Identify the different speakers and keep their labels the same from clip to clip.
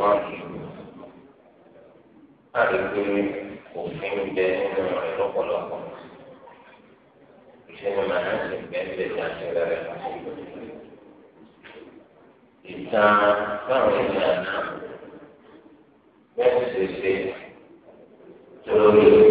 Speaker 1: rọmọbọn
Speaker 2: láti pé òfin bẹ nínú rẹ lọ́pọ̀lọpọ̀
Speaker 1: ìṣẹ̀lẹ̀ máa ń sìn bẹ́ẹ̀ bẹ́ẹ̀ ní àṣẹlẹ rẹ ìtàn báwọn ènìyàn náà bẹ́ẹ̀ ṣe ṣe lórí.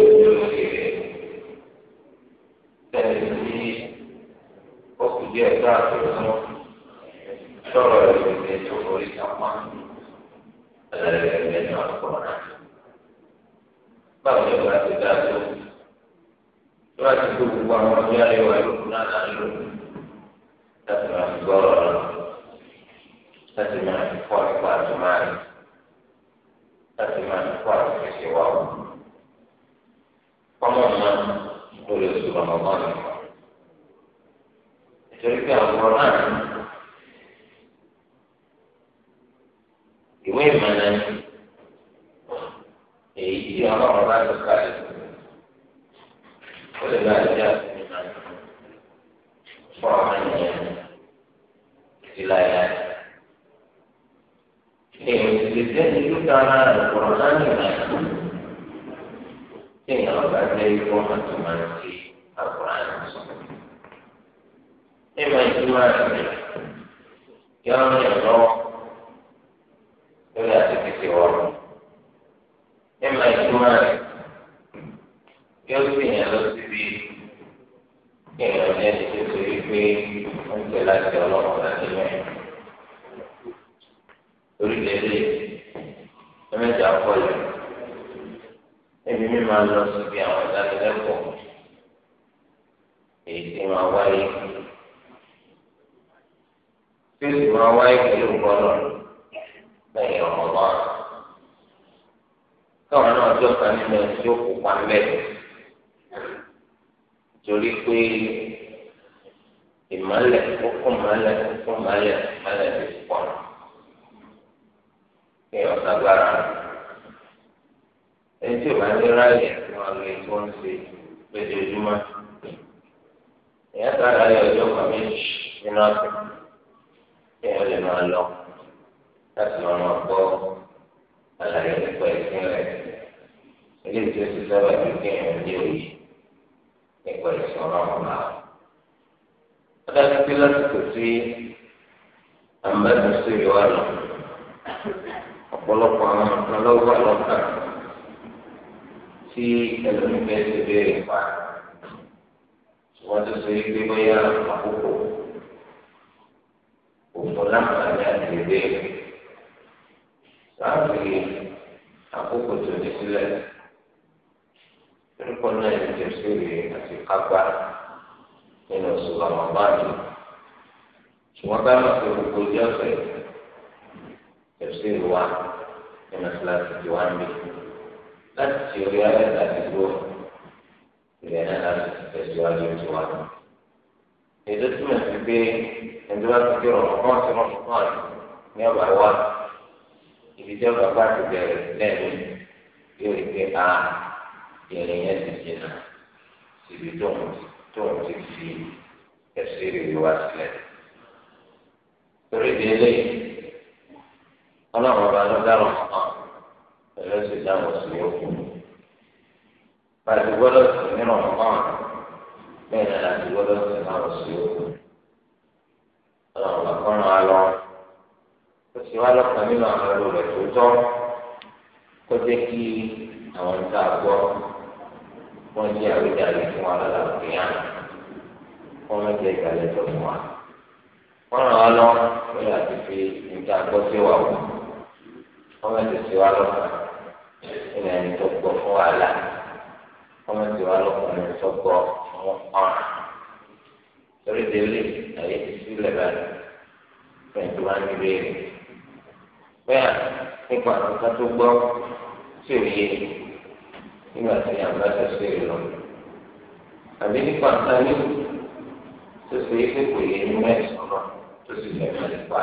Speaker 2: kéèyàn ní ẹni tó ṣe wípé
Speaker 1: wọ́n tẹ̀ láti ọlọ́run láti mẹ́rin. orílẹ̀ èdè ẹ̀mẹ́ta kọlù ẹbí mi máa lọ síbi àwọn ìdánilẹ́kọ̀ọ́ èyí tí máa wáyé tí ó sì máa wáyé pẹ̀lú gbọ́dọ̀ lẹ́yìn ọ̀rọ̀ náà káwọn náà jọ̀ka nínú ẹni tí ó kópa mẹ́rin torí pé ìmọ̀lẹ̀ kókó mọ̀lẹ̀ kókó mọ̀lẹ̀ mọ̀lẹ̀ ti pọ̀ ní ọ̀sàgbára ẹni tí ìbá ní ráyè àti wọn lè tó ń ṣe lójoojúmọ́ ìyá sára yọ ọjọ́ kan méjì nínú ọ̀sẹ̀ kí wọ́n lè máa lọ láti lọ máa gbọ́ àlàyé nípa ìpínlẹ̀ eléyìí tí ó ti sábà ju kí wọ́n ní òye nípa ìsìn ọlọ́run náà. adájọ́ pé lásìkò tí àmọ́tò sí ìwà lọ ọ̀pọ̀lọpọ̀ àwọn nǹkan lọ́wọ́ àlọ́kà tí ẹlòmíì bẹ́ẹ̀ ti béèrè pa wọ́n ti sọ yìí pé bóyá àkókò òfò láǹfààní àti ìbéèrè sáà fi àkókò tó ní sílẹ̀ orúkọ náà ní tẹ̀síìrì àti kápá nínú oṣù làmàbáàmì ṣùgbọ́n bá máa fi gbogbo ojú ọ̀sẹ̀ tẹ̀síìrì wa ní mọ́sálásí ti wá ń bí láti ti orí alẹ́ta ti dúró ìrìn náà láti ti tẹ̀síwájú ti wá. èdè túmọ̀ sí pé ẹni bá ti fi rọ̀rùn kan sí rọ̀rùn kan ní ọ̀bà wa ìdíjọba bá ti bẹ̀rẹ̀ lẹ́nu yóò rí pé a ìrìn yẹn ti jìnnà síbi tó ń tó ń ti fi ẹsẹ̀ rere wá sílẹ̀. torí di eléyìí ọlọ́run ọba ló dárò hàn pẹ̀lú sì dáhùn sí òkú. bàtí gbọ́dọ̀ sí nínú ọ̀hún bẹ́ẹ̀ ni àti gbọ́dọ̀ sí dáhùn sí òkú. ọlọ́run ọba kọ́ ràn lọ. ó sì wá lọ́kàn nínú àwọn ẹlò rẹ̀ tó tọ́ kó jẹ́ kí àwọn ń ta àgbọ̀ wọ́n jẹ́ àwíjàre fún wa lọ́la òkèèyàn wọ́n mọ̀ jẹ́ ìgbàlejò fún wa. wọ́n ràn wá lọ́wọ́ lórí àti fi nǹkan àgbọ̀ sí wa wò wọ́n mọ̀ jẹ́ sí wa lọ́wọ́ nínú ẹni tó gbọ́ fún wàhálà wọ́n mọ̀ jẹ́ wa lọ́wọ́ nínú tó gbọ́ fún ọ̀ràn. torí délé àyè ti sílẹ̀ báyìí fún ìjọba ní ìbéèrè bẹ́ẹ̀ nípa àwọn kan tó gbọ́ sí òye nígbà tí a bá tẹ̀sí rẹ̀ lọ. àbí nípa nǹkan yìí tó ṣe é pé kò yẹ ní mẹ́sàn-án náà tó sì fẹ́ máa lè pa.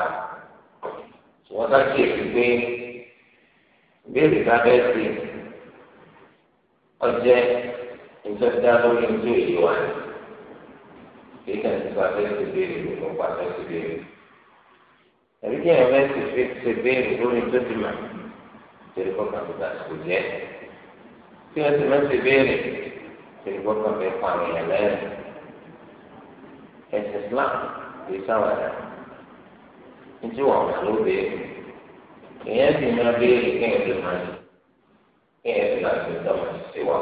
Speaker 1: wọ́n ká kí èsì pé ìbéèrè ká bẹ́ẹ̀ sí ọjẹ́ ìtọ́jú lórí ojú èyí wà ní. kí kàn ti pa bẹ́ẹ̀ sí béèrè ló pa bẹ́ẹ̀ sí béèrè. àbí kí ẹ̀rọ bẹ́ẹ̀ ṣe béèrè lórí tó ti mà. Jadi kau kan bukan sekujek
Speaker 2: tí wọ́n ti máa ń ṣe béèrè
Speaker 1: tẹ̀lifọ́ kan fẹ́ àwọn èèyàn lẹ́yìn ẹ̀sìn Islam kì í sáwàdà nítí wọn kà ló béèrè èèyàn sì máa béèrè kéèyàn lè máa ní kéèyàn sì máa ṣe dọ́mọ̀ sí wa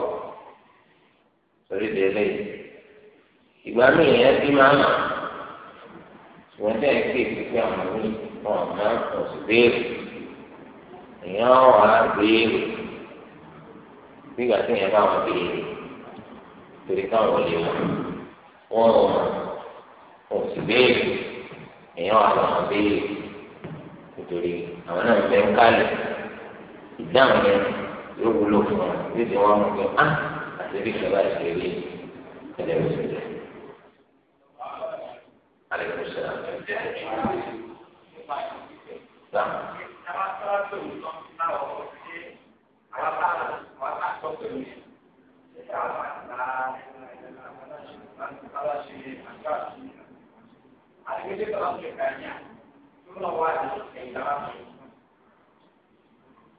Speaker 1: torí délé ìgbà míì èèyàn sì máa mà ṣùgbọ́n tẹ̀ ẹ́ kéèké pé àwọn míì wọn máa ń sọ sí béèrè èèyàn wà á béèrè nígbà tí yẹn bá wọn béèrè torí káwọn lè mọ wọn ò mọ wọn ò sì béèrè èèyàn wà lọ́wọ́ béèrè nítorí àwọn náà fẹ́ ń kálẹ̀ ìdáhùn yẹn yóò wúlò fún wọn yóò fi wọn mú pé á ah, àti bí ìjọba ìṣèlú ẹ̀dẹ̀ òṣèlú. عليه السلام نعم àgbẹ̀dẹ̀ tó ń gbẹ̀ka yá tó lọ wá ní ìjọba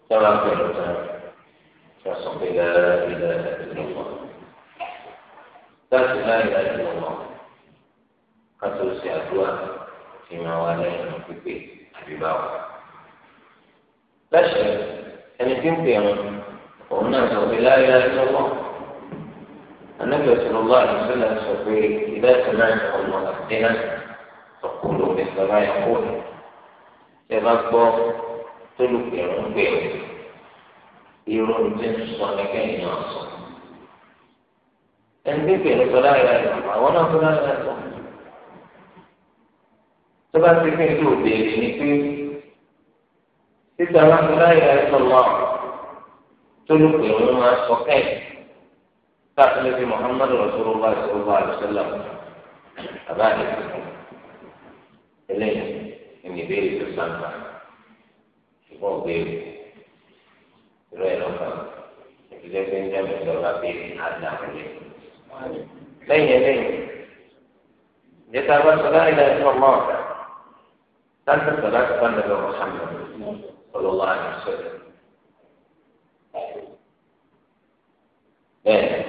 Speaker 1: tó. sábà bẹ̀rẹ̀ tán sọ̀sọ̀ pé lára ilẹ̀ ìlú wọn. láti láì láì lọ wọn ká tó ṣe àdúrà tí máa wá lẹ́yìn pípé àbí báwọn. láṣẹ ẹni tí ń pè wọn òun náà sọ pé láyé láyé lọ́wọ́ anábì ọ̀sọ̀lọ́gbà àdúgbò sọ pé ìdá ìsọ̀lá ní ọmọ àdínà ọ̀pọ̀lọ́ ìsọ̀lá ẹ̀kọ́ ni ṣe bá gbọ́ tó lù pẹ̀rù ń pè é irú ti ń sọ ní kẹ́yìn náà sọ. ẹni tí pèrè sọ láyé láyé lọ́wọ́ àwọn náà sọ láyé láyé lọ́wọ́ tó bá ti pín in tó béèrè ni pé títà máa sọ láyé láyé lọ́wọ́ tólùkù ìwé máa sọ kẹ́ẹ̀ sáfìlẹ̀ bíi muhammadu rasulillah sallallahu alayhi wa sallam abáàdé eléyìí ní ìbéèrè tó sáńpà ṣùgbọ́n òbéèrè ìrọ̀ ẹ̀rọ kan ìdílé tó ń jẹ́mi ìjọba béèrè àdàmúlé. lẹ́yìn eléyìí ìjẹta bá sọ láì láì fún ọmọ ọ̀gá sáńtà sọ láti bá nàbẹ̀ muhammadu sallallahu alayhi wa sallam. bẹ́ẹ̀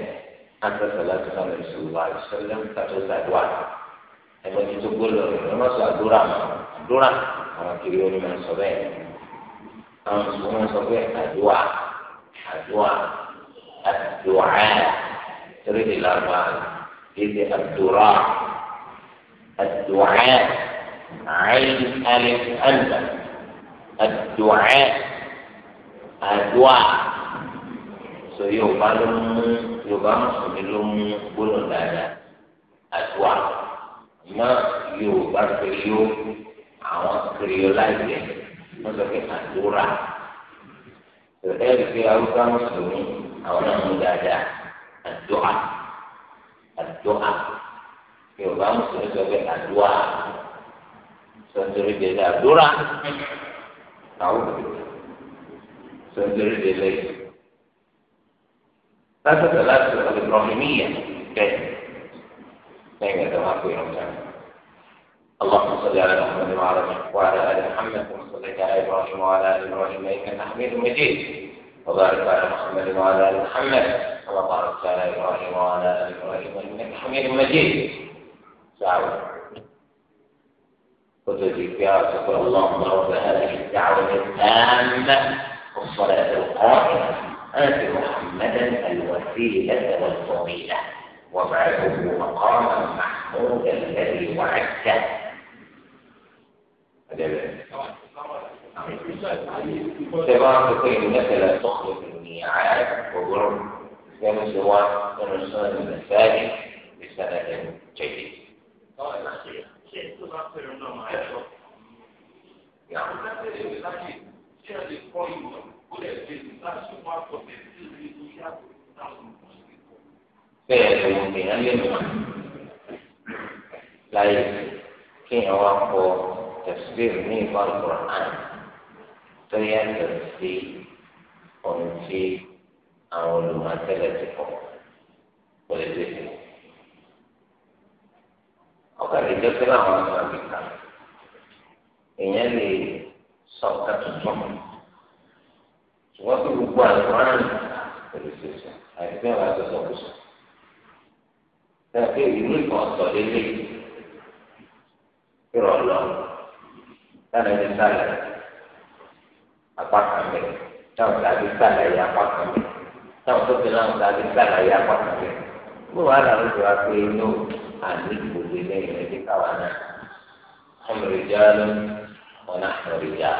Speaker 1: anta salatu sanu ìṣòro àìsọlẹ kàtó sàdúrà ẹgbẹ títí gbólọ ẹ má sọ àdúrà àdúrà àwọn kiri oní máa sọ bẹ́ẹ̀ àwọn mùsùlùmí máa sọ pé àdúrà àdúrà àdúrà torí di làbà ìdí àdúrà àdúrà àyìn alẹ àndà àdúrà àdúrà so yorùbá ló mú yorùbá mùsùlùmí ló mú gbólóhùn dáadáa àdúrà mọ yorùbá kiri yó àwọn kiri yó láìpẹ́ wọn sọ pé àdúrà ẹ̀rí pé awúgbá mùsùlùmí àwọn náà mú dáadáa àdúrà àdúrà yorùbá mùsùlùmí sọ pé àdúrà sọtẹ́rì àdúrà àwọn sọtẹ́rì délé yìí. láti láti الإبراهيمية كيف؟ نعم كما يوم رمضان اللهم صل على محمد وعلى وعلى آل محمد كما صليت على إبراهيم وعلى آل إبراهيم إنك حميد مجيد وبارك على محمد وعلى آل محمد كما باركت على إبراهيم وعلى آل إبراهيم إنك حميد مجيد دعوة وتجيب يا رسول اللهم رب هذه الدعوة التامة والصلاة القائمة آت محمدا الوسيلة والفضيلة وابعثه مقاما محمودا الذي وعدته سبعة كين لك لا تخلف الميعاد وقرب كان سواء كان سنة المساجد بسنة جيدة. نعم. bẹ́ẹ̀ ni wọn èèyàn lè mọ̀ láyé kéèyàn wá kọ tẹ̀síbìrì ní ìwà ìkọ̀rọ̀ náà tó yàtọ̀ sí ohun tí àwọn olùmọ̀tẹ́lẹ̀ ti kọ̀ kò lè dé sí. ọkà lè jẹ́ pé láwọn ọmọ lè sọ ọ̀ká tuntun wọ́n tún gbogbo àlùfáàn pẹ̀lú ṣèṣe àìsí ọ̀rọ̀ àtọ̀tọ̀ kù sọ. Tẹ̀sí ìlú ìkan sọ délé ìrọ̀ lọ láti ẹni sálẹ̀ apá kan bẹ̀ táwọn tàbí sálẹ̀ yẹ apá kan bẹ̀ táwọn tó fi náà tàbí sálẹ̀ yẹ apá kan Mo wà láwọn ìjọba pé inú àní ìgbòho ilé ìrìn ní káwa Ọmọ ìjọba ló ń wọn náà ìjà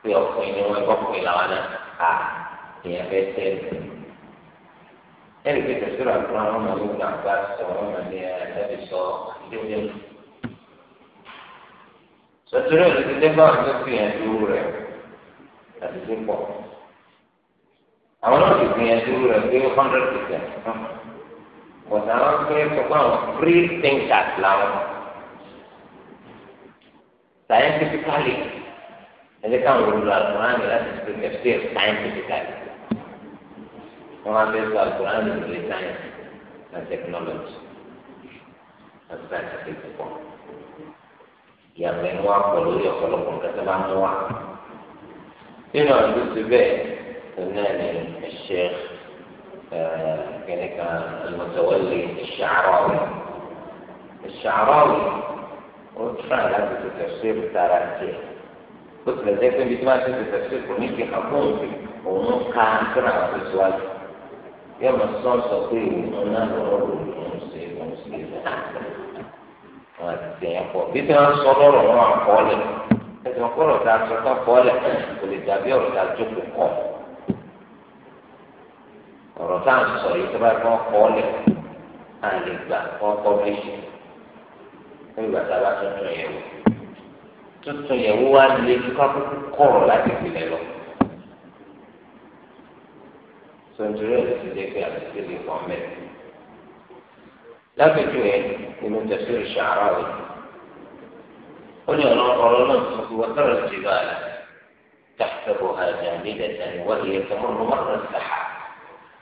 Speaker 1: pé ọkùnrin ni wọ́n ẹgbọ́kùnrin làwọn náà à ìyẹn fẹ́ tẹ́lẹ̀ ẹnì pé tẹ̀síra fún àwọn ọmọ mi gbà gbà sọ wọn mọ̀ ní ẹ̀ẹ́dẹ́bí sọ ilé oúnjẹ mi. sọtúrú ẹ̀ ló ti dé báwọn tó fi yẹn dúró rẹ̀ àti tó pọ̀ àwọn náà ti gbìyànjú rẹ̀ pé hundred percent bọ̀dà wọn pé pẹ̀lú àwọn free thinkers làwọn scientifically ẹjẹ káwọn olùlọ àlùkùránì láti ṣe kẹfì sáyẹ́ntìfìkàlì wọn máa fẹ́ sọ àlùkùránì lórí sáyẹ́ntì and technology and scientific people ìyàgbẹ́ ni wọ́n á pọ̀ lórí ọ̀pọ̀lọpọ̀ nǹkan tó bá mú wa nínú àwọn tó ti bẹ́ẹ̀ òun náà ni ẹ̀ṣẹ́ eh, kẹ́nìkan al-Mutawalli Ash-Sha'rawi Ash-Sha'rawi ó tíra láti ṣe kẹfì ó ti lẹ̀ jẹ́ pé ibi tí wọ́n ti tẹ̀sẹ̀ sí kò ní ti hàn fún òun òun ká kíra àwọn tó síwájú yóò mọ sọ sọ pé òun náà lọ́rọ̀ òun ṣe òun ṣe wọn àti tẹ̀yìn pọ̀ bí tí wọ́n sọ lọ́rọ̀ wọn àkọọ́lẹ̀ ẹ̀sìn ọ̀pọ̀lọ̀ tá a sọ fún àkọọ́lẹ̀ kò lè dàbí ọ̀rọ̀ tá a jókòó kọ́ ọ̀rọ̀ tá à ń sọ yìí tó bá gbọ́ kọ́ọ́lẹ̀ à lè gbà kọ́ pọ́blíṣì nígbà tá a bá tuntun yẹn wò. tuntun yẹn wọ́n wá lé nípa kọ́ kọ̀rọ̀ láti ìpìlẹ̀ lọ. sọ̀tún rẹ̀ ti jẹ́ pé àtúntò lè wọ́n mẹ́. lápẹ̀jù yẹn nínú tẹ̀síwò ṣàárá mẹ́rin. ní ọ̀nà ọ̀rọ̀ náà tó fi wọ́n tọ̀rọ̀ sí bá a lẹ̀ tàbí ọ̀hánà ní dẹ̀dẹ̀ ni wọ́n yẹ kọ́mọ́ ló má rẹ̀ sàhà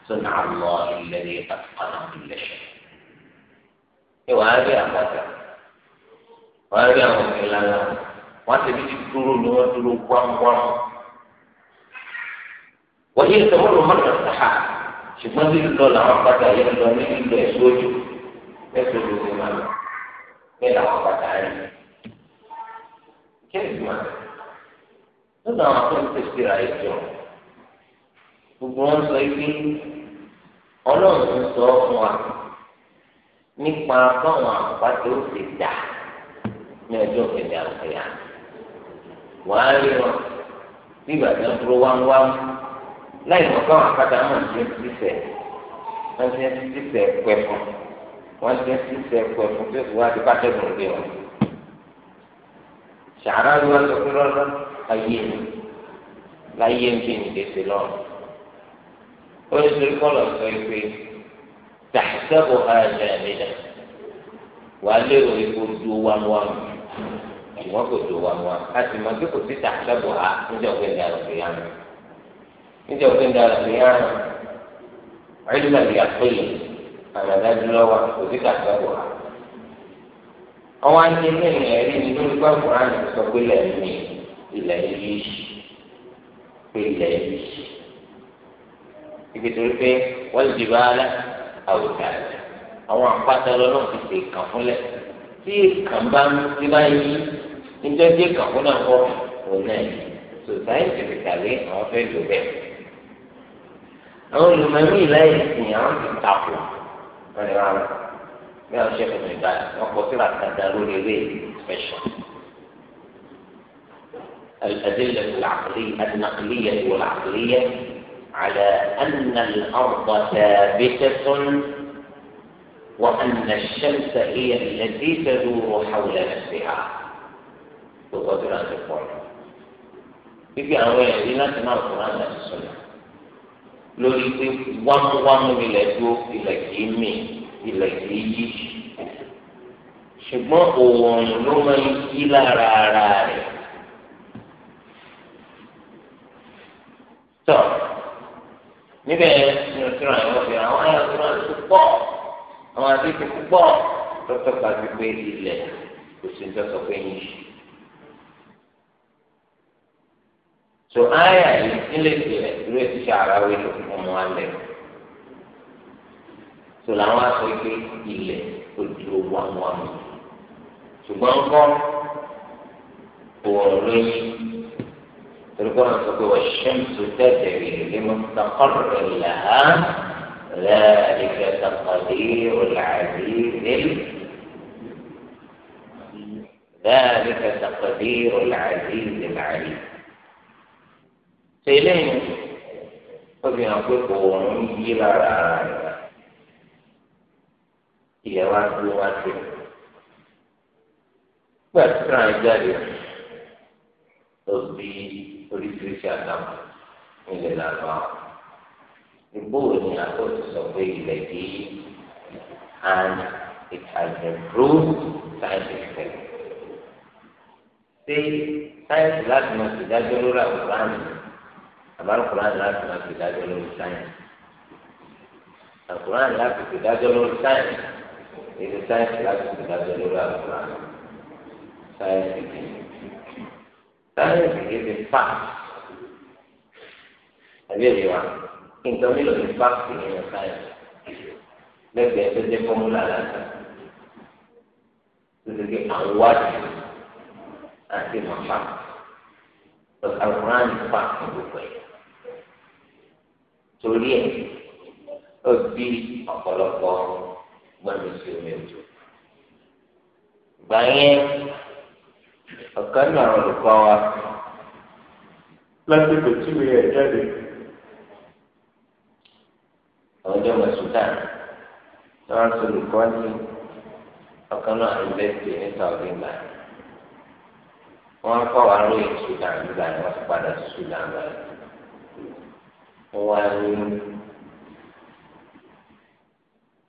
Speaker 1: sọ̀nà àlọ́ ilẹ̀ ní àtúkànnà ilẹ̀ ṣẹ̀. ìwà á rí àpáta wàá rí àwọn ìlànà wọn ti fi dúró ni wọn dúró gbámgbám. wọ́n yé ìtọ́wọ́lù mọ́tò sáà ṣùgbọ́n bí lọ làwọn padà yẹn lọ ní ìlú ẹ̀sùn ojú ẹ̀sùn ojú ti máa lọ bẹ́ẹ̀ làwọn padà rí kí ẹ̀sùn máa lọ́dọ̀ àwọn tó ń tẹ̀sí ra gbogbo wọn sọ ibi sọ fún wa nípa báwọn àpàtẹ ó dà wàá rí wọn bí ìgbà tí wọn dúró wámúwámú láì mọ káwọn àpáta náà ti ń sísẹ wọn ti ń sísẹ pẹfun wọn ti ń sísẹ pẹfun tó fi wá di pátẹ́gùn gbé wọn. sàárà ló wá sọ pé lọ́dọ́ ayé mi láyé ń bí nìgbèsè lọ́rùn. ó ní sori kọ́ lọ sọ pé tàṣẹ́bù àjẹ́ mi dà wàá lérò ikú dúró wámúwámú ṣùgbọ́n kò tó wà wá a sì máa gbé kò sí tàṣàbọ̀ ha níjọ́ gbẹ̀ndé àlùfẹ́yàmù níjọ́ gbẹ̀ndé àlùfẹ́yàmù ẹ̀dùnà lè àpéyè àmàdájú lọ́wọ́ kò sí tàṣàbọ̀ ha. àwọn àti ilé ẹ̀rí ni lórí gbàgbọ́ àná sọ pé ilẹ̀ mi ilẹ̀ yìí pé ilẹ̀ yìí ibi tó rí pé wọ́n ti bá a lẹ́ àwòtá àwọn àpáta lọ́nà ti ṣe kàn fúnlẹ̀ tí kàn bá ń yí. níjọ́ díẹ̀ fún náà kọ́ òun náà so scientifically àwọn fẹẹ lò bẹ́ẹ̀. àwọn olùmọ̀mí ìlànà ìsìn àwọn ti takò wọn ni wọn bí wọn ṣe fún ìgbà wọn kọ sí làkàdà lórí ewé special. الأدلة العقلية النقلية والعقلية على أن الأرض ثابتة وأن الشمس هي التي تدور حول نفسها tó kọjú láti pọ̀ jù gbígbé àwọn ẹ̀rí láti máa kó láti láti sọ̀rọ̀ lórí pé wámúwámú ilẹ̀ dúró ilẹ̀ kìí mì ilẹ̀ kìí yí ṣùgbọ́n òòrùn ló máa ń yí lára ara rẹ̀ tọ́ níbẹ̀ ni òṣèlú àwọn ọ̀fẹ́ àwọn ayọ̀tún àti púpọ̀ àwọn àti púpọ̀ tó tọ́ka sí pé ilẹ̀ kò sí ní tọ́sọ pé yín ṣe. so aya yìí nílé ìpìlẹ̀ ìlú ètò ìṣàrà wí ló fún ọmọ alẹ́ so làwọn aṣọ ike ilẹ̀ ojú owó àwọn àmì ṣùgbọ́n kọ́ òwòrán lóyún tolukọ́ náà sọ pé wọ́n ṣẹ́m tó tẹ̀sẹ̀ rèé lé mọ́ takọ́rọ̀ rẹ̀ là á lẹ́ẹ̀dẹ́gbẹ́ takọ́dé ọ̀làdé lẹ́lẹ́. ذلك تقدير العزيز العليم ṣe eléyìí ó fi hàn pé kò ń yí lára ara rẹ̀ ilẹ̀ wa dúró wá sí i gbà tí ra jáde lọ bí oríṣiríṣi àdámù nílẹ̀ làbá ìgbó ni àkóso sọ pé ilẹ̀ yìí and it has been proved scientifically. ṣé sáyẹ́ǹsì láti mọ̀ sí dájọ́ lórí àwòrán yìí àbálùkùránì láti máa fi dájọ́ lórí sáyẹ̀nsì àlùkùránì láti fi dájọ́ lórí sáyẹ̀nsì èdè sáyẹ̀nsì láti fi dájọ́ lórí àlùkùránì sáyẹ̀nsì kìí sáyẹ̀nsì kìí ti fà àbí èdè wa nǹkan mi lò ní fáàkì nínú sáyẹ̀nsì lẹ́gbẹ̀ẹ́ tó jẹ́ fọ́múlà lásán lórí pé àwọn wájú àti màmá àlùkùránì fà gbogbo ẹ̀ torí ẹ̀ ó bí ọ̀pọ̀lọpọ̀ gbọ́dọ̀ sí omi òjò. Ìgbà yẹn ọ̀kan náà olùkọ́ wa lásìkò tí mi yẹ jáde. Àwọn ọjọ́ ọmọ Sudan ni wọ́n sọ olùkọ́ ní ọ̀kan náà ìbẹ́sì ní Saudi gbà. Wọ́n kọ́ wa lóyún Sudan gbà ni wọ́n ti padà sí Sudan báyìí wọn á ní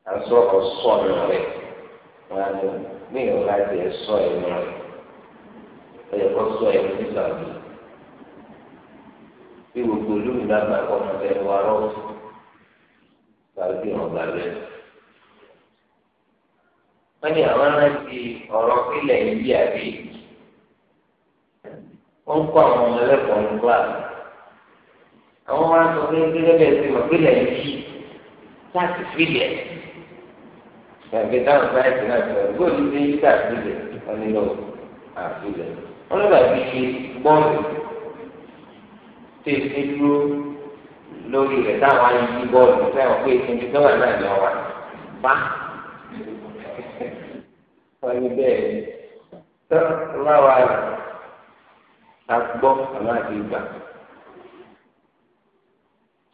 Speaker 1: ọsọ ọmọ rẹ wọn á ní ní ti ẹsọ ẹnu rẹ ó yẹ kó sọ ẹnu nígbà mi bí gbogbo olómìnira gbà kọ́ ọmọ rẹ wà rọ́ọ̀tù gbàgbé ọ̀gbà rẹ wọ́n ní àwọn aráàlú ọ̀rọ̀ pílẹ̀ yìí àbí wọ́n kọ́ àwọn ọmọ ẹlẹ́kọ̀ọ́ nígbà mi àwọn máa ń sọ pé gẹ́gẹ́ bẹ́ẹ̀ ti wà pé lẹ́yìn yìí láti fílẹ̀ ẹ̀gbẹ́ dáhùn sáyẹ́ǹsì náà sọ̀rọ̀ bóòlù ti ń gbà fílẹ̀ wọn ni lọ àfilẹ̀ wọn lọ́ba fi ṣe bọ́ọ̀lù tó èsì dúró lórí rẹ̀ táwọn ayé yí bọ́ọ̀lù sẹ́wọ̀n pé èsì ti dọ́là náà lọ wà bá wọn ni bẹ́ẹ̀ tọ́ láwa àgbọ̀ àwọn àti ìgbà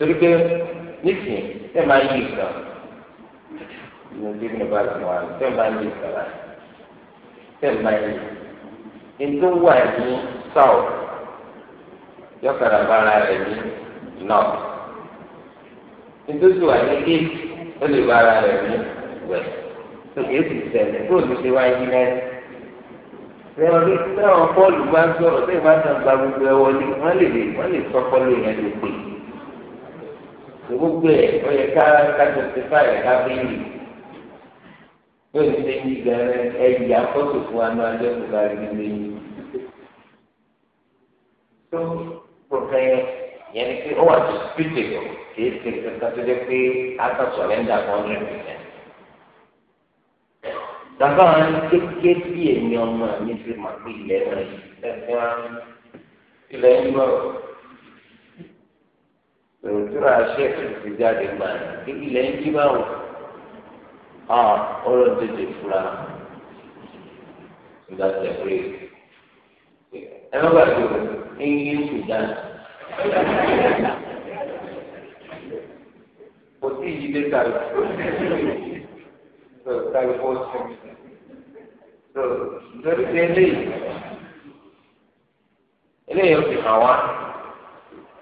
Speaker 1: torí pé nísìnyí tẹ́ máa yí ìgbà ìdí ní bá ti wà tẹ́ máa yí ìgbà láti tẹ́ máa yí ètò wà ní south yọkàrà bára rẹ̀ ní north ètò sì wà ní east ó lè bára rẹ̀ ní west tó kìí sì ṣẹlẹ̀ kó o ní ṣe wá yí náà lẹ́yìn ọdún tí wọ́n pọ́ọ̀lù bá ń sọ̀rọ̀ tẹ́lẹ̀ bá ń gbà gbogbo ẹ̀ wọlé wọ́n lè sọ́kọ́ lóyún ẹ̀ lè pè é gbogbo ẹ ọyẹ ká kájọ ti fà yẹ ká fi yìí yóò ti lé yìí gan ẹ yìí akọ́tò fún wa náà lé kó ká lé lé yìí tó kọkẹ yẹn ni pé ó wà tó spíte lọ kì í ṣe kankan tó dé pé aka sọlẹ́ndà kan ní ìpínlẹ̀ bàbá wa ní kékeré bí èmi ọmọ mi ti máa gbé ilẹ̀ náà yìí lẹ́sìn wa ilẹ̀ ń bọ̀ tòlùtúrà ṣẹ́ẹ̀kì ti jáde gbà ní ilẹ̀ ń jí báwọn ọ ọ̀rọ̀ tètè fura ìgbà tẹ̀lé ẹ má gbàgbé o ẹyẹ ń sùdán kò sí ìdílé kàlù tó kàlù kò sí tó lórí tẹ́lẹ̀ eléyìí ó fi hàn wá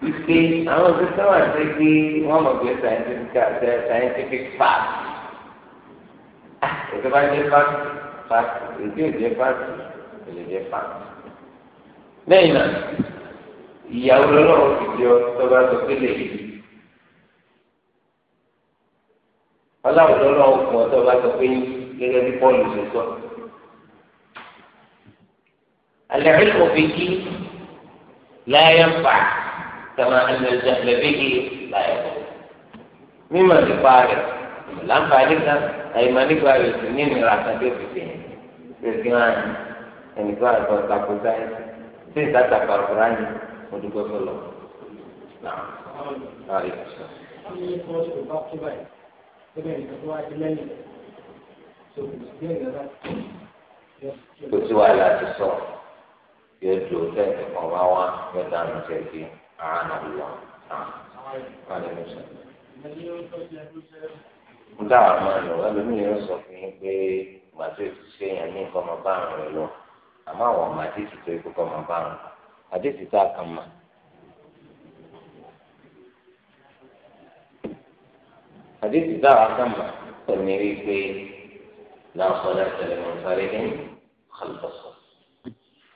Speaker 1: ìpè àwọn òṣìṣẹ́ wà sí pé wọ́n mọ̀ pé scientific fact ah, ètò bá jẹ́ fact fact ètò ìjẹ́ fact èlè jẹ́ fact. lẹ́yìn náà ìyàwó lọ́wọ́ ti di ọ tọ́ba tó pélé yìí ọlọ́run lọ́wọ́ kún ọ tọ́ba tó pé gẹ́gẹ́ bí pọ́ọ̀lù ṣe sọ. alẹ́ rí òfin kí láyé ń fà á. كما أن الجهل به لا يضر مما لفارق لم فارقا أي ما لفارق سنين رأسا في سنين سيكون ẹni tó àgbà tako sáyé tí ìta tako àkùrá ni mo dúpẹ́ fún lọ. kò sí wàhálà ti sọ yóò dùn tẹ́tẹ̀ kan bá wá yóò dáná tẹ́tẹ́ àánà ìwà n dá àwọn àlọ́ ẹlòmíì yóò sọ fún yín pé màtí ò ti ṣe èèyàn ní nǹkan ọmọ bá àrùn rẹ lọ àmọ́ àwọn ọmọ àdéhìí tó ikú kọ́ ọmọ bá àrùn àdéhìí tá a kàn mà. àdéhìí tá a kàn mà ò ní rí i pé láǹfọ̀ọ́ láti ẹ̀rọ ìfàrí ní kàlùbọ̀sọ̀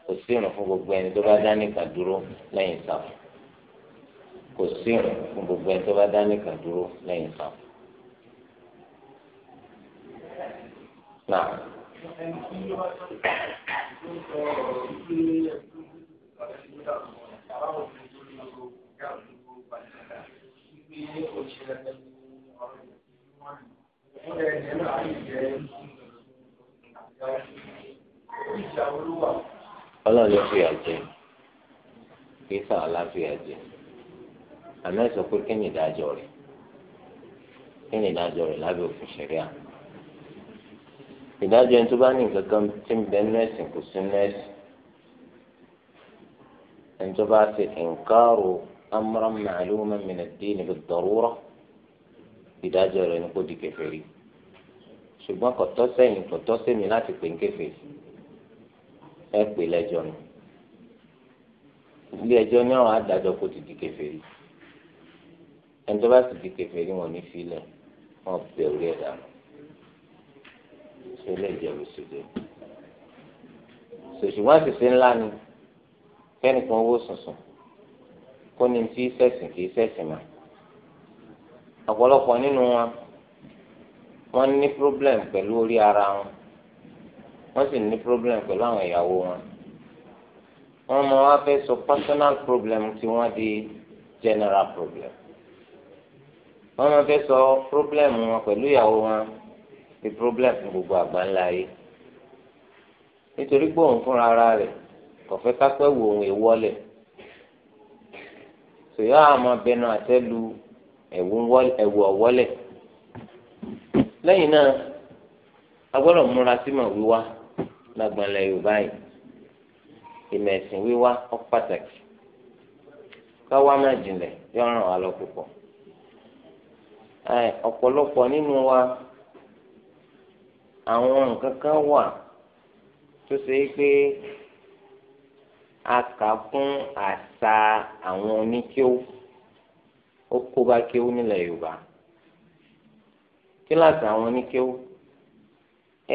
Speaker 1: kò sí ìrùn fún gbogbo ẹni tó bá dá nípa dúró lẹ́yìn ìsàfù kò sí ìrìn fún gbogbo ẹni tó bá dá nìkan dúró lẹ́yìn kan. Náà. Ọlọ́run ló fi àjẹ kí sàn láfi àjẹ. àmọ́ sọ pé kí ni ìdájọ́ rẹ̀ kí ni ìdájọ́ rẹ̀ lábẹ́ òfin ṣẹ̀ríà ìdájọ́ ẹni tó bá ní nǹkan kan tí ń bẹ nẹ́ẹ̀sì kò sí nẹ́ẹ̀sì ẹni tó bá ṣe ìǹkaàrò amúra màálùmá mìíràn dé níbi dọ̀rúrà ìdájọ́ rẹ̀ ni kò di kèfèrí ṣùgbọ́n kò tọ́ sẹ́yìn kò tọ́ sẹ́mi láti pè ń kèfèrí ẹ pè lẹ́jọ́ ni ilé ẹjọ́ ní n kefe e pe adájọ́ kò ti di kèfèrí. ẹni tó bá sì di kèfèrí wọn ní filẹ̀ wọn bẹ̀ orí ẹ̀ dànù ṣẹlẹ̀ ìjẹun ṣèjẹ ṣòṣùwọ́n àṣìṣe ńlá ni kẹ́nìkan owó sùnsùn kó ní tí sẹ̀sìn kì í sẹ̀sìn mà ọ̀pọ̀lọpọ̀ nínú wọn wọ́n ní problem pẹ̀lú orí ara wọn wọ́n sì ní problem pẹ̀lú àwọn ìyàwó wọn wọ́n mọ wá fẹ́ sọ personal problem tí wọ́n di general problem wọ́n máa fẹ́ sọ pírọ́blẹ́mù wọn pẹ̀lú ìyàwó wọn ti pírọ́blẹ́mù fún gbogbo àgbáńlá yìí nítorí gbóhùn fúnra ara rẹ̀ kò fẹ́ kápẹ́ wò ohun ìwọlẹ̀ sòyọ́ àmọ́ bẹnu àtẹ́lu ẹ̀wù ọ̀wọ́lẹ̀ lẹ́yìn náà a gbọ́dọ̀ múra símọ̀ wíwá lágbàlẹ̀ yorùbá yìí ìmẹ̀sìn wíwá ó pàtàkì káwá má jìnlẹ̀ yọ̀ràn wa lọ púpọ̀ ọ̀pọ̀lọpọ̀ nínú wa àwọn nǹkan kan wà tó ṣe é pé a kà fún àṣà àwọn oníkéwù ó kó bá kéwù nílẹ̀ Yorùbá kíláàsì àwọn oníkéwù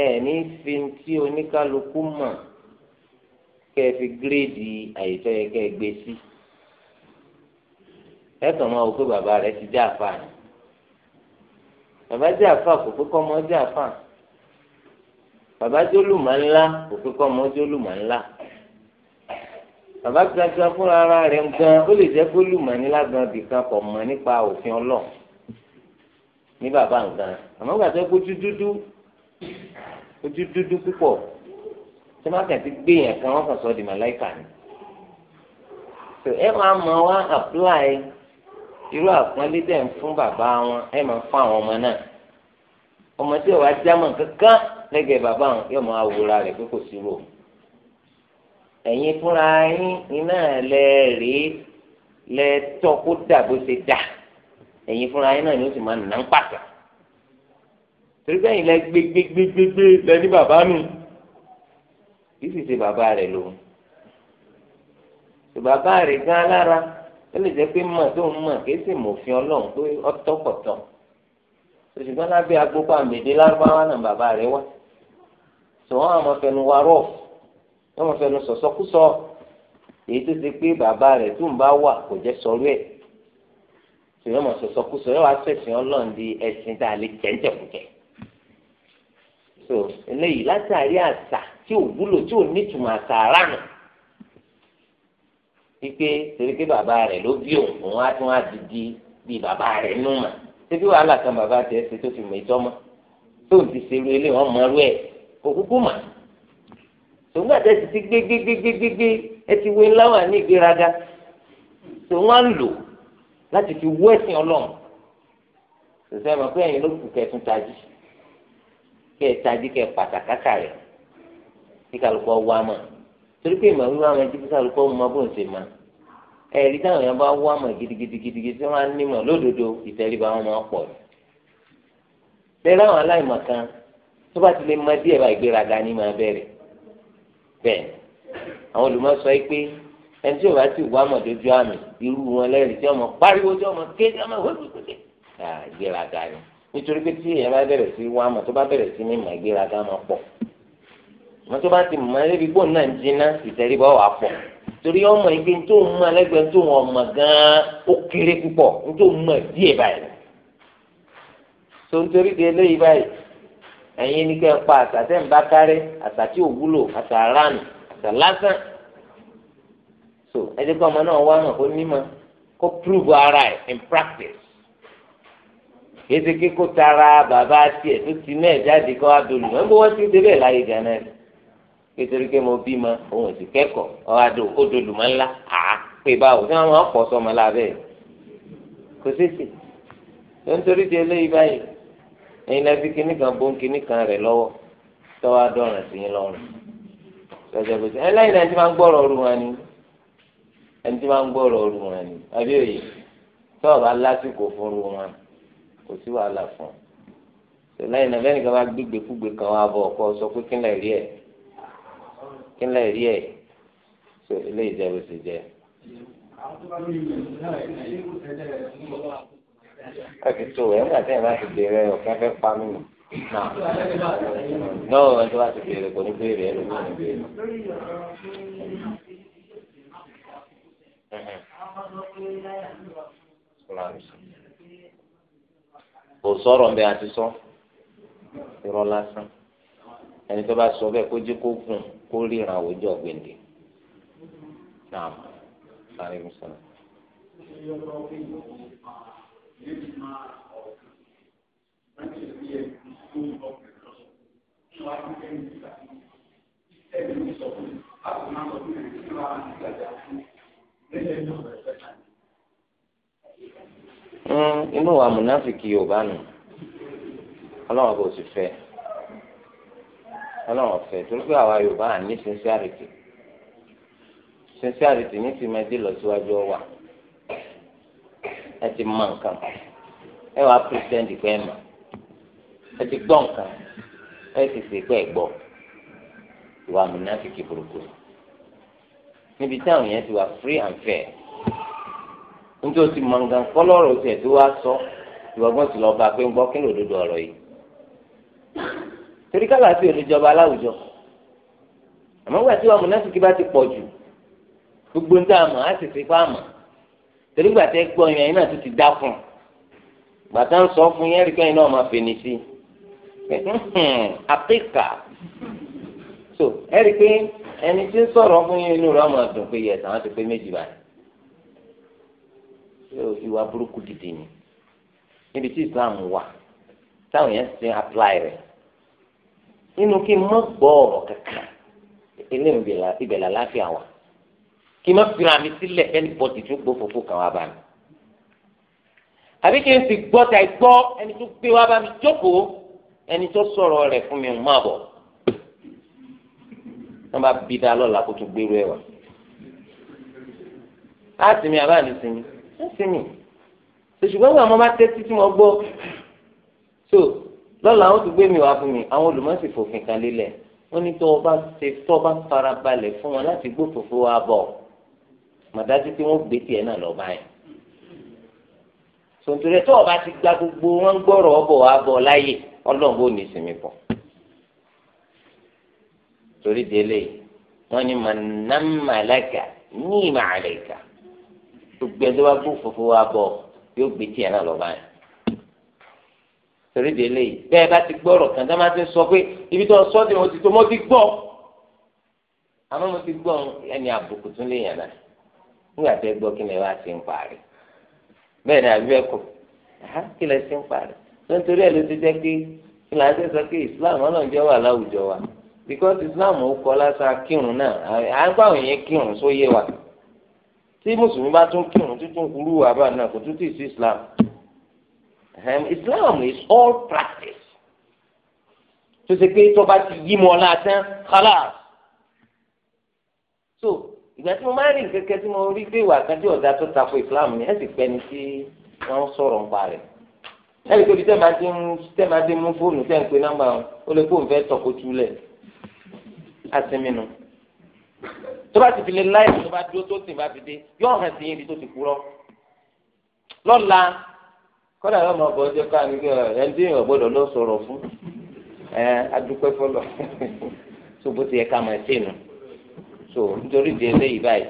Speaker 1: ẹ ní fi tí oníkálukú mọ̀ kẹ́ ẹ fi gírèdì àyètọ́ yẹ kẹ́ ẹ gbé sí ẹ kàn máa wò pé bàbá rẹ ti dá àfààní bàbá jẹ́ àfa kò pé kọ́ ọmọ jẹ́ àfa bàbá jẹ́ olùmọ̀ ńlá kò pé kọ́ ọmọ jẹ́ olùmọ̀ ńlá bàbá gbàgbà fúnra ara rẹ̀ gan ó lè jẹ́ pé olùmọ̀ ńlá gan bìkan kọ̀ mọ̀ nípa òfin ọlọ́ọ̀ ní bàbá nǹkan àmọ́ gbàtẹ́ kójú dúdú ojú dúdú púpọ̀ tí wọ́n kàn ti gbé yẹn kan wọ́n kàn sọ di màláìkà ni. ẹ máa mọ wá apply irú àpọ́nlé dẹ̀ ń fún bàbá wọn ẹ̀ máa fún àwọn ọmọ náà ọmọ tí ò wá jámọ̀ kankan lẹ́gẹ̀ẹ́ bàbá wọn yóò máa wúra rẹ̀ pé kò sí rò ẹ̀yin fúnra yín iná lẹ rí lẹ tọ́ kó dà bó ṣe dà ẹ̀yin fúnra yín náà ni ó sì máa nà ń pàtà torí bẹ́ẹ̀ ilẹ̀ gbégbégbégbé lẹ́ni bàbá mi kì í sì ṣe bàbá rẹ̀ lòun ṣe bàbá rẹ̀ gan lára lè jẹ́ pé mọ̀ tó ń mọ̀ kì í sì mọ̀ òfin ọlọ́run pé ọtọ́pọ̀tọ̀ ṣùgbọ́n lábẹ́ agbópa mèdè lárúbáwá náà bàbá rẹ̀ wá sọ̀wọ́n àwọn fẹnu wa rọ̀ wọ́n mọ̀ sọ̀sọ́kúsọ èyí tó ṣe pé bàbá rẹ̀ tó ń bá wà kò jẹ́ sọ̀rú ẹ̀ sọ̀rọ̀ mọ̀ sọ̀sọ́kúsọ yóò wá sẹ̀sìn ọlọ́run di ẹ̀sìn tá a lè jẹ́ńtẹ̀kùjẹ́ so eléyìí látàrí àṣà tí ò wúlò tí wípé sèrèké bàbá rẹ̀ ló bí òun òun á tún á didi bí bàbá rẹ̀ nù mà síbí wàhálà kan bàbá tẹ̀ ṣe tó fi mọ ìtọ́mọ tó ń ti ṣerú ilé wọn mọ ọrú ẹ òkúkú mà tòun àti ẹsì ti gbé gbé gbé gbé gbé ẹ ti wé láwọn àní ìgbéraga tòun á lò láti fi wú ẹ̀sìn Ọlọ́run sọsẹ ma pé ẹ̀yin ló kù kẹtùn tají kẹ tají kẹ pàtàkàkà rẹ kí wá mọ torí pé ìmọ̀ wíwá àwọn ẹjẹ́ bísà lóko ọmọ bó ń ṣe máa ẹ̀rí táwọn èèyàn bá wá mọ̀ gidigidigidi tí wọ́n á nímọ̀ lódodo ìtẹríba wọn máa pọ̀ ni. bẹ́ẹ̀ láwọn aláìmọ̀ kan tó bá ti lè mọ díẹ̀ bá ìgbéraga ní máa bẹ̀rẹ̀ bẹ́ẹ̀ àwọn olùmọ̀ sọ pé ẹni tí ò bá ti wá mọ̀ dojú àmì irú wọn lẹ́rìí tí ọmọ pariwo tí ọmọ ké ọmọ wẹ́pẹ́pẹ́ ìgbéraga ni nítorí pé tí èèyàn wọn tó bá ti mọ ẹbí gbóhùn náà ń jiná ìtẹríbọ̀ wà pọ̀ torí ọmọ ìgbé tó ń mọ ẹlẹ́gbẹ̀ẹ́ tó wọn mọ gan-an ó kéré púpọ̀ ń tó mọ díẹ̀ báyìí tó ń torí di eléyìí báyìí ẹ̀yin ní kẹ́ ẹ pa àṣà ń bá kárẹ́ àṣà tí ò wúlò àṣà ránù àṣà so ẹ jẹ́ kí ọmọ náà wá náà kó nímọ̀ kó prove ara ẹ̀ in practice kéde kíkó tara bàbá tiẹ̀ tó ti náà jáde kó wá dolù ẹ̀ ń wọ́n ti débẹ̀ láyé gan náà nítorí pé mo bí ma òun sì kẹ́kọ̀ọ́ ọ̀hádò odòlùmọ́ ńlá àá pé báwo tí wọ́n pọ̀ sọmọ lábẹ́ kò sèse tó ń torí di eléyìí báyìí ẹ̀yin náà fi kíní kan bó ń kíní kan rẹ̀ lọ́wọ́ tọ́wọ́ adọ́ràn sí yín lọ́rùn lọ́jọ́ bó ṣe ẹlẹ́yìn náà ti máa ń gbọ́rọ̀ ọ̀rù wọn ni ẹni tí máa ń gbọ́rọ̀ ọ̀rù wọn ni àbí òye tọ́wọ́ bá lásìkò fún ru wọn kò sí wàhálà fún un ṣẹlẹ́yìn náà bẹ́ẹ̀ nìkan bá gbígbé fúgbé kan wá bọ̀ ọ̀kọ́ sọ pé kí kí n lè rí ẹ̀ so eléyìí jẹ́ bó ti jẹ́. káàkiri tó ẹ̀ ńgbà tẹ́yìn bá ti bèèrè ọ̀kẹ́ fẹ́ pa mí nù. náà ẹ̀ tó bá ti bèèrè kò ní bèèrè ẹ̀ ló ní ní mhm. kò sọ̀rọ̀ ń bẹ àti sọ irọ́ lásán ẹni tó bá sọ bẹ́ẹ̀ kó jẹ́ kó gùn kó ríran àwùjọ gbèǹdé náà sáré mi sọ̀rọ̀. inú wa mùnáfìkì yorùbá nù ọlọ́run kò sì fẹ́ ọlọ́run ọ̀fẹ́ torí pé àwa yorùbá à ní sincerity sincerity ní ti máa dé lọ́síwájú ọ̀wà ẹ ti mọ nǹkan ẹ wàá pretend pé ẹ mọ̀ ẹ ti gbọ́ nǹkan ẹ ti sè pé ẹ gbọ́ ìwà mùnáfíkì burúkú níbi táwọn yẹn ti wà free and fair nítorí o ti mọ nǹkan kọ́lọ́rọ̀ tiẹ̀ tó wá sọ ìwọ̀gbọ́n ti lọ bá a pé ń gbọ́ kí ló dodo ọ̀rọ̀ yìí torí kálàáfì ò ní jọba aláwùjọ àmọ́ gbà tí wàá múnásìkí bá ti pọ̀ jù gbogbo ń tà mọ̀ á sì fi pa mọ̀ torí gbà tẹ́ gbọ́ yẹn náà tún ti dá fún un gbà tá ń sọ fún yẹn rí kẹ́yìn náà máa fèèní sí àpéka so ẹ rí i pé ẹni tí ń sọ̀rọ̀ fún yín inú rẹ̀ ọmọ dùn pé yẹ tàwọn ti pé méjì báyìí ìwà burúkú dìde ni níbi tí Islam wà táwọn yẹn ti apply rẹ̀ nínú kí n má gbọ́ ọ̀rọ̀ kankan eléyìí ibẹ̀ là láfíà wà kí n má fira mi sílẹ̀ ẹni bọ́dì tó gbó fòfò kan wá bá mi àbí kí n sì gbọ́ ta gbọ́ ẹni tó gbé wá bá mi jókòó ẹni tó sọ̀rọ̀ rẹ̀ fún mi ń má bọ̀ wọ́n bá bí dá lọ́la kó tó gbérú ẹ̀ wá á sinmi àbá ní sinmi á sinmi ṣùgbọ́n àwọn ọmọ bá tẹ́tí tí wọ́n gbọ́ lọ́la àwọn tó gbé mi wá fún mi àwọn olùmọ̀sí fòfin kan lélẹ̀ wọ́n ní tọ́ ọba ṣe tọ́ ọba farabalẹ̀ fún wọn láti gbófòfò wa bọ̀ màdájú pé wọ́n gbé tiẹ̀ náà lọ báyìí tòǹtòrẹ́ tọ́ ọba ti gba gbogbo wọn gbọ́rọ̀ ọbọ̀ wa bọ̀ láyè ọlọ́run ò ní ìsinmi bọ̀ torí délé wọn ni mànàmàlàkà ní ìmàlẹ̀kà gbogbo ẹ̀ tó bá gbófòfò wa bọ̀ yóò gbé tiẹ̀ náà lọ báyìí torí de lè bẹ́ẹ̀ bá ti gbọ́rọ̀ kàn tá máa ti sọ pé ibi tó sọ ti mo ti tó mo ti gbọ́ àmọ́ mo ti gbọ́ ẹni àbùkù tún lè yàn náà nígbà tẹ́ gbọ́ kí ni wàá ti ń parí bẹ́ẹ̀ ni àbí ẹ̀kọ́ kí lẹ ti ń parí nítorí ẹ̀ ló ti jẹ́ pé kí là ń sọ pé Islam ọlọ́njẹ́ wà láwùjọ wa because Islam ó kọ́ lásán kírun náà à ń gbàwọ̀n yẹn kírun sóyè wa tí mùsùlùmí bá tún kírun tuntun kúrú wà bá náà kò tún tì sí Islam um, Islam is all practice tó ṣe pé tó bá ti yí mọ́ ọ́nà àtẹ́n kálá so ìgbà tí mo máa ń rí nǹkan kẹ́kẹ́ tí mo rí pé ìwà kan ọ̀dà tó tako Islam ni ẹ̀ sì pẹ́ ni tí wọ́n ń sọ̀rọ̀ nípa rẹ̀ ẹ̀rí tóbi tẹ́ máa ti ń tẹ́ máa ti mú fóònù tẹ́ ń pe nọ́mbà wọn ó lè fóònù fẹ́ tọkọtù lẹ̀ àtìmí nu tó bá ti fi lè láì tó bá dúró tó sì bá fi dé yóò hàn sí ibi tó ti kú lọ́la kọ́dà yóò máa bọ̀ ọjọ́ ká ní kí ẹ ń dín ọ̀gbọ́dọ̀ ló sọ̀rọ̀ fún ẹ adúpẹ́ fọlọ́ tó bó ti yẹ ká máa sínú tó nítorí di eléyìí báyìí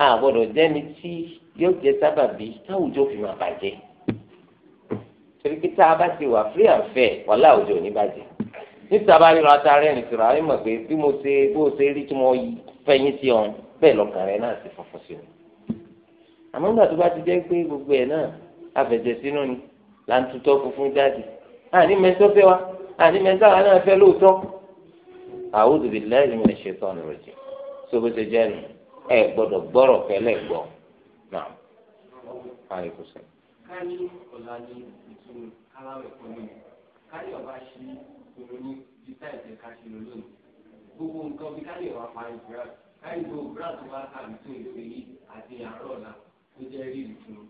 Speaker 1: a gbọ́dọ̀ jẹ́ni tí yóò jẹ sábàbí táwùjọ fi máa bàjẹ́ torí pé tá a bá ti wà free and fair wàhálà àwùjọ ò ní bàjẹ́ níta bá ríra ta rẹ̀ ní tìrọ àyè mọ̀ pé bí mo ṣe bó ṣe rí tí mo fẹ̀yìn sí ọ̀hún bẹ́ẹ̀ lọ́kàn rẹ̀ náà ti fọ̀fọ̀ sí mi àmọ́ nígbà tó bá ti jẹ́ pé gbogbo ẹ̀ náà àfẹ̀jẹ̀ sínú ni là ń tutọ́ funfun jáde àní mẹ́tọ́ fẹ́ wa àní mẹ́tọ́ àwọn náà fẹ́ lóòótọ́. a'udhu billahi minash shaitanir rajim tó bó ṣe jẹ́ nu ẹ gbọ́dọ̀ gbọ́rọ̀ kẹ́lẹ́ gbọ́ náà. káyọ̀ ọ̀la ní ìtumọ̀ aláwẹ̀ kan ní káyọ̀ bá ṣí ìròyìn títà ìjẹ́ ká ṣe lónìí gbogbo nǹkan bí káyọ̀ wá parí bíra káyọ̀ gbogbo bíra tó wá kàwé tó ìfẹ́ yìí àti àárọ̀ ọ̀la tó jẹ́ rí ìtumọ̀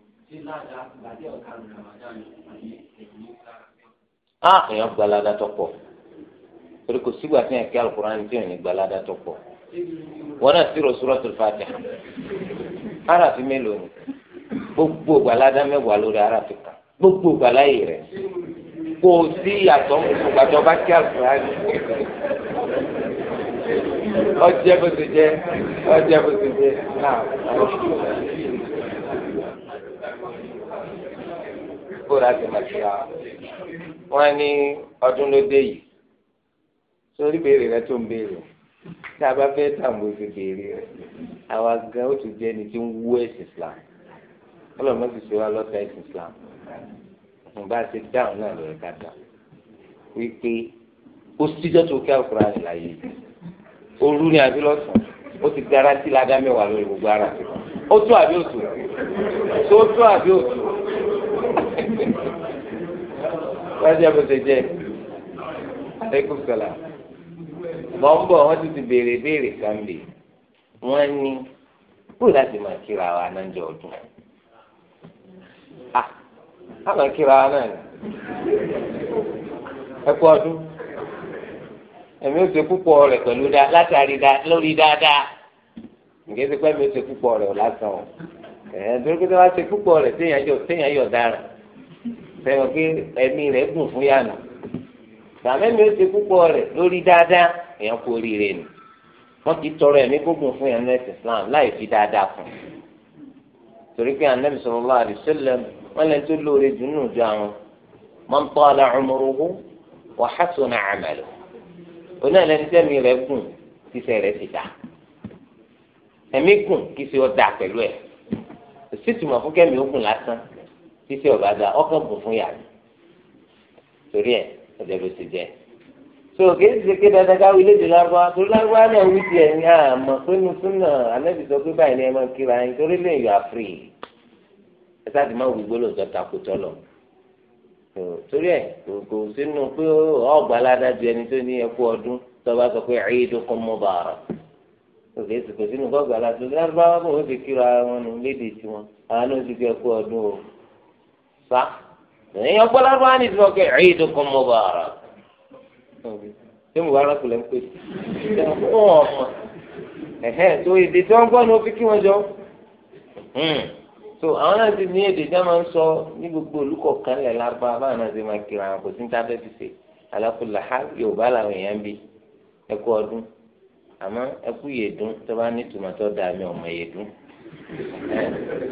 Speaker 1: a èèyàn gbalada tó pọ̀ torí kò sígbà tí yẹn kí alukur'an tí yẹn ní gbalada tó pọ̀ wọn náà sírò suratul Fatiha arafi mélòó ni gbogbo gbalada mẹ́wàá lórí arafi kan gbogbo gbalaye rẹ kò sí yàtọ̀ gbàtọ̀ bá kí alukur'an ọjẹ bó ti jẹ ọjẹ bó ti jẹ náà. bó láti máa ṣe ara wọn ní ọdún ló dé yìí sórí béèrè rẹ tó ń béèrè tá a bá fẹ́ tàǹbù fi béèrè rẹ àwa gan ó ti jẹ́ ẹni tí ń wú ẹ̀sìn Islam ọlọ́mọ ti ṣe wá lọ́sẹ̀ ẹ̀sìn Islam ìgbà ṣe dáhùn náà lórí kàtà wípé ó síjọ́ tó kí àkùrá rẹ̀ láàyè òru ni àbí lọ́sàn ó ti garanti ládàá mẹ́wàá lórí gbogbo ara ó tún àbí òtún ó tún àbí òtún. wájú ẹ̀fọ́sẹ̀ jẹ́ ẹ̀kú sọ̀la wọ́n ti ti béèrè béèrè kan lè wọ́n ní láti máa kíra wa náà ọdún kíra wa náà ọdún ẹ̀mí ó ṣe púpọ̀ rẹ̀ pẹ̀lú látàrí lórí dáadáa nìkejì pẹ́ mi ó ṣe púpọ̀ rẹ̀ lásán o ẹ̀ẹ́dẹ́gbẹ́sẹ̀ wá ṣe púpọ̀ rẹ̀ téèyàn yọ̀ sẹ́yìn pé ẹ̀mí rẹ̀ gùn fún yànnà sàmẹ́mi ó ṣe púpọ̀ rẹ̀ lórí dáadáa èèyàn kú oríire nù wọ́n ti tọrọ ẹ̀mí gbógun fún yànnà ẹ̀sìn Islam láì fi dáadáa fún torí pé anabi sallallahu alaihi wasallam wọn lè tó lóore jù nù jọ àwọn man tala umruhu wa hasuna amaluhu oní ẹlẹni tẹmí rẹ̀ gùn kíṣẹ́ rẹ̀ ti dá ẹ̀mí gùn kíṣẹ́ ọ dá pẹ̀lú ẹ òsì tìmọ̀ fún kẹ́mi ó gùn lásán títí ọba da ọkọ bùn fún yàrá torí ẹ ọjà ló ti jẹ so kìí ṣe pé dandan ká wílé di lárúbá torí lárúbá náà wí tiẹ̀ ní àmọ́ sónú súnà anábì sọ pé báyìí ni ẹ máa kíra yín torí lè yọ àfírí ẹ sáàtì máa wù gbólóòtọ́ takò tọ́lọ̀ torí ẹ kò sínú pé ọgbà aládájú ẹni tó ní ẹkú ọdún tọba sọ pé Eidukum Mubarak òkè sìkò sínú gbọgbà aládájú lárúbá wọn kò fi kíra wọn nù lédè tiwọn àwọn náà ti fi ẹkú ọdún o fa èèyàn gbọ́ lárúbá ní ìsìnkú ọkẹ́ Eidukum Mubarak ṣé mo bára kò lẹ́ ń pè é fún ọmọ ẹ̀hẹ́ tó èdè tí wọ́n gbọ́ ní òfin kí wọ́n jọ hmm. so àwọn náà ti ní èdè tí wọ́n máa ń sọ ní gbogbo olùkọ̀ọ̀kan lẹ̀ lárúbá báwọn náà ti máa kiri àwọn kò sí ní tábẹ́ ti sè alákòlá ha Yorùbá làwọn èèyàn bí ẹkú ọdún àmọ́ ẹkú yèédún tó bá ní tòmátò dàmí ọmọ yèédún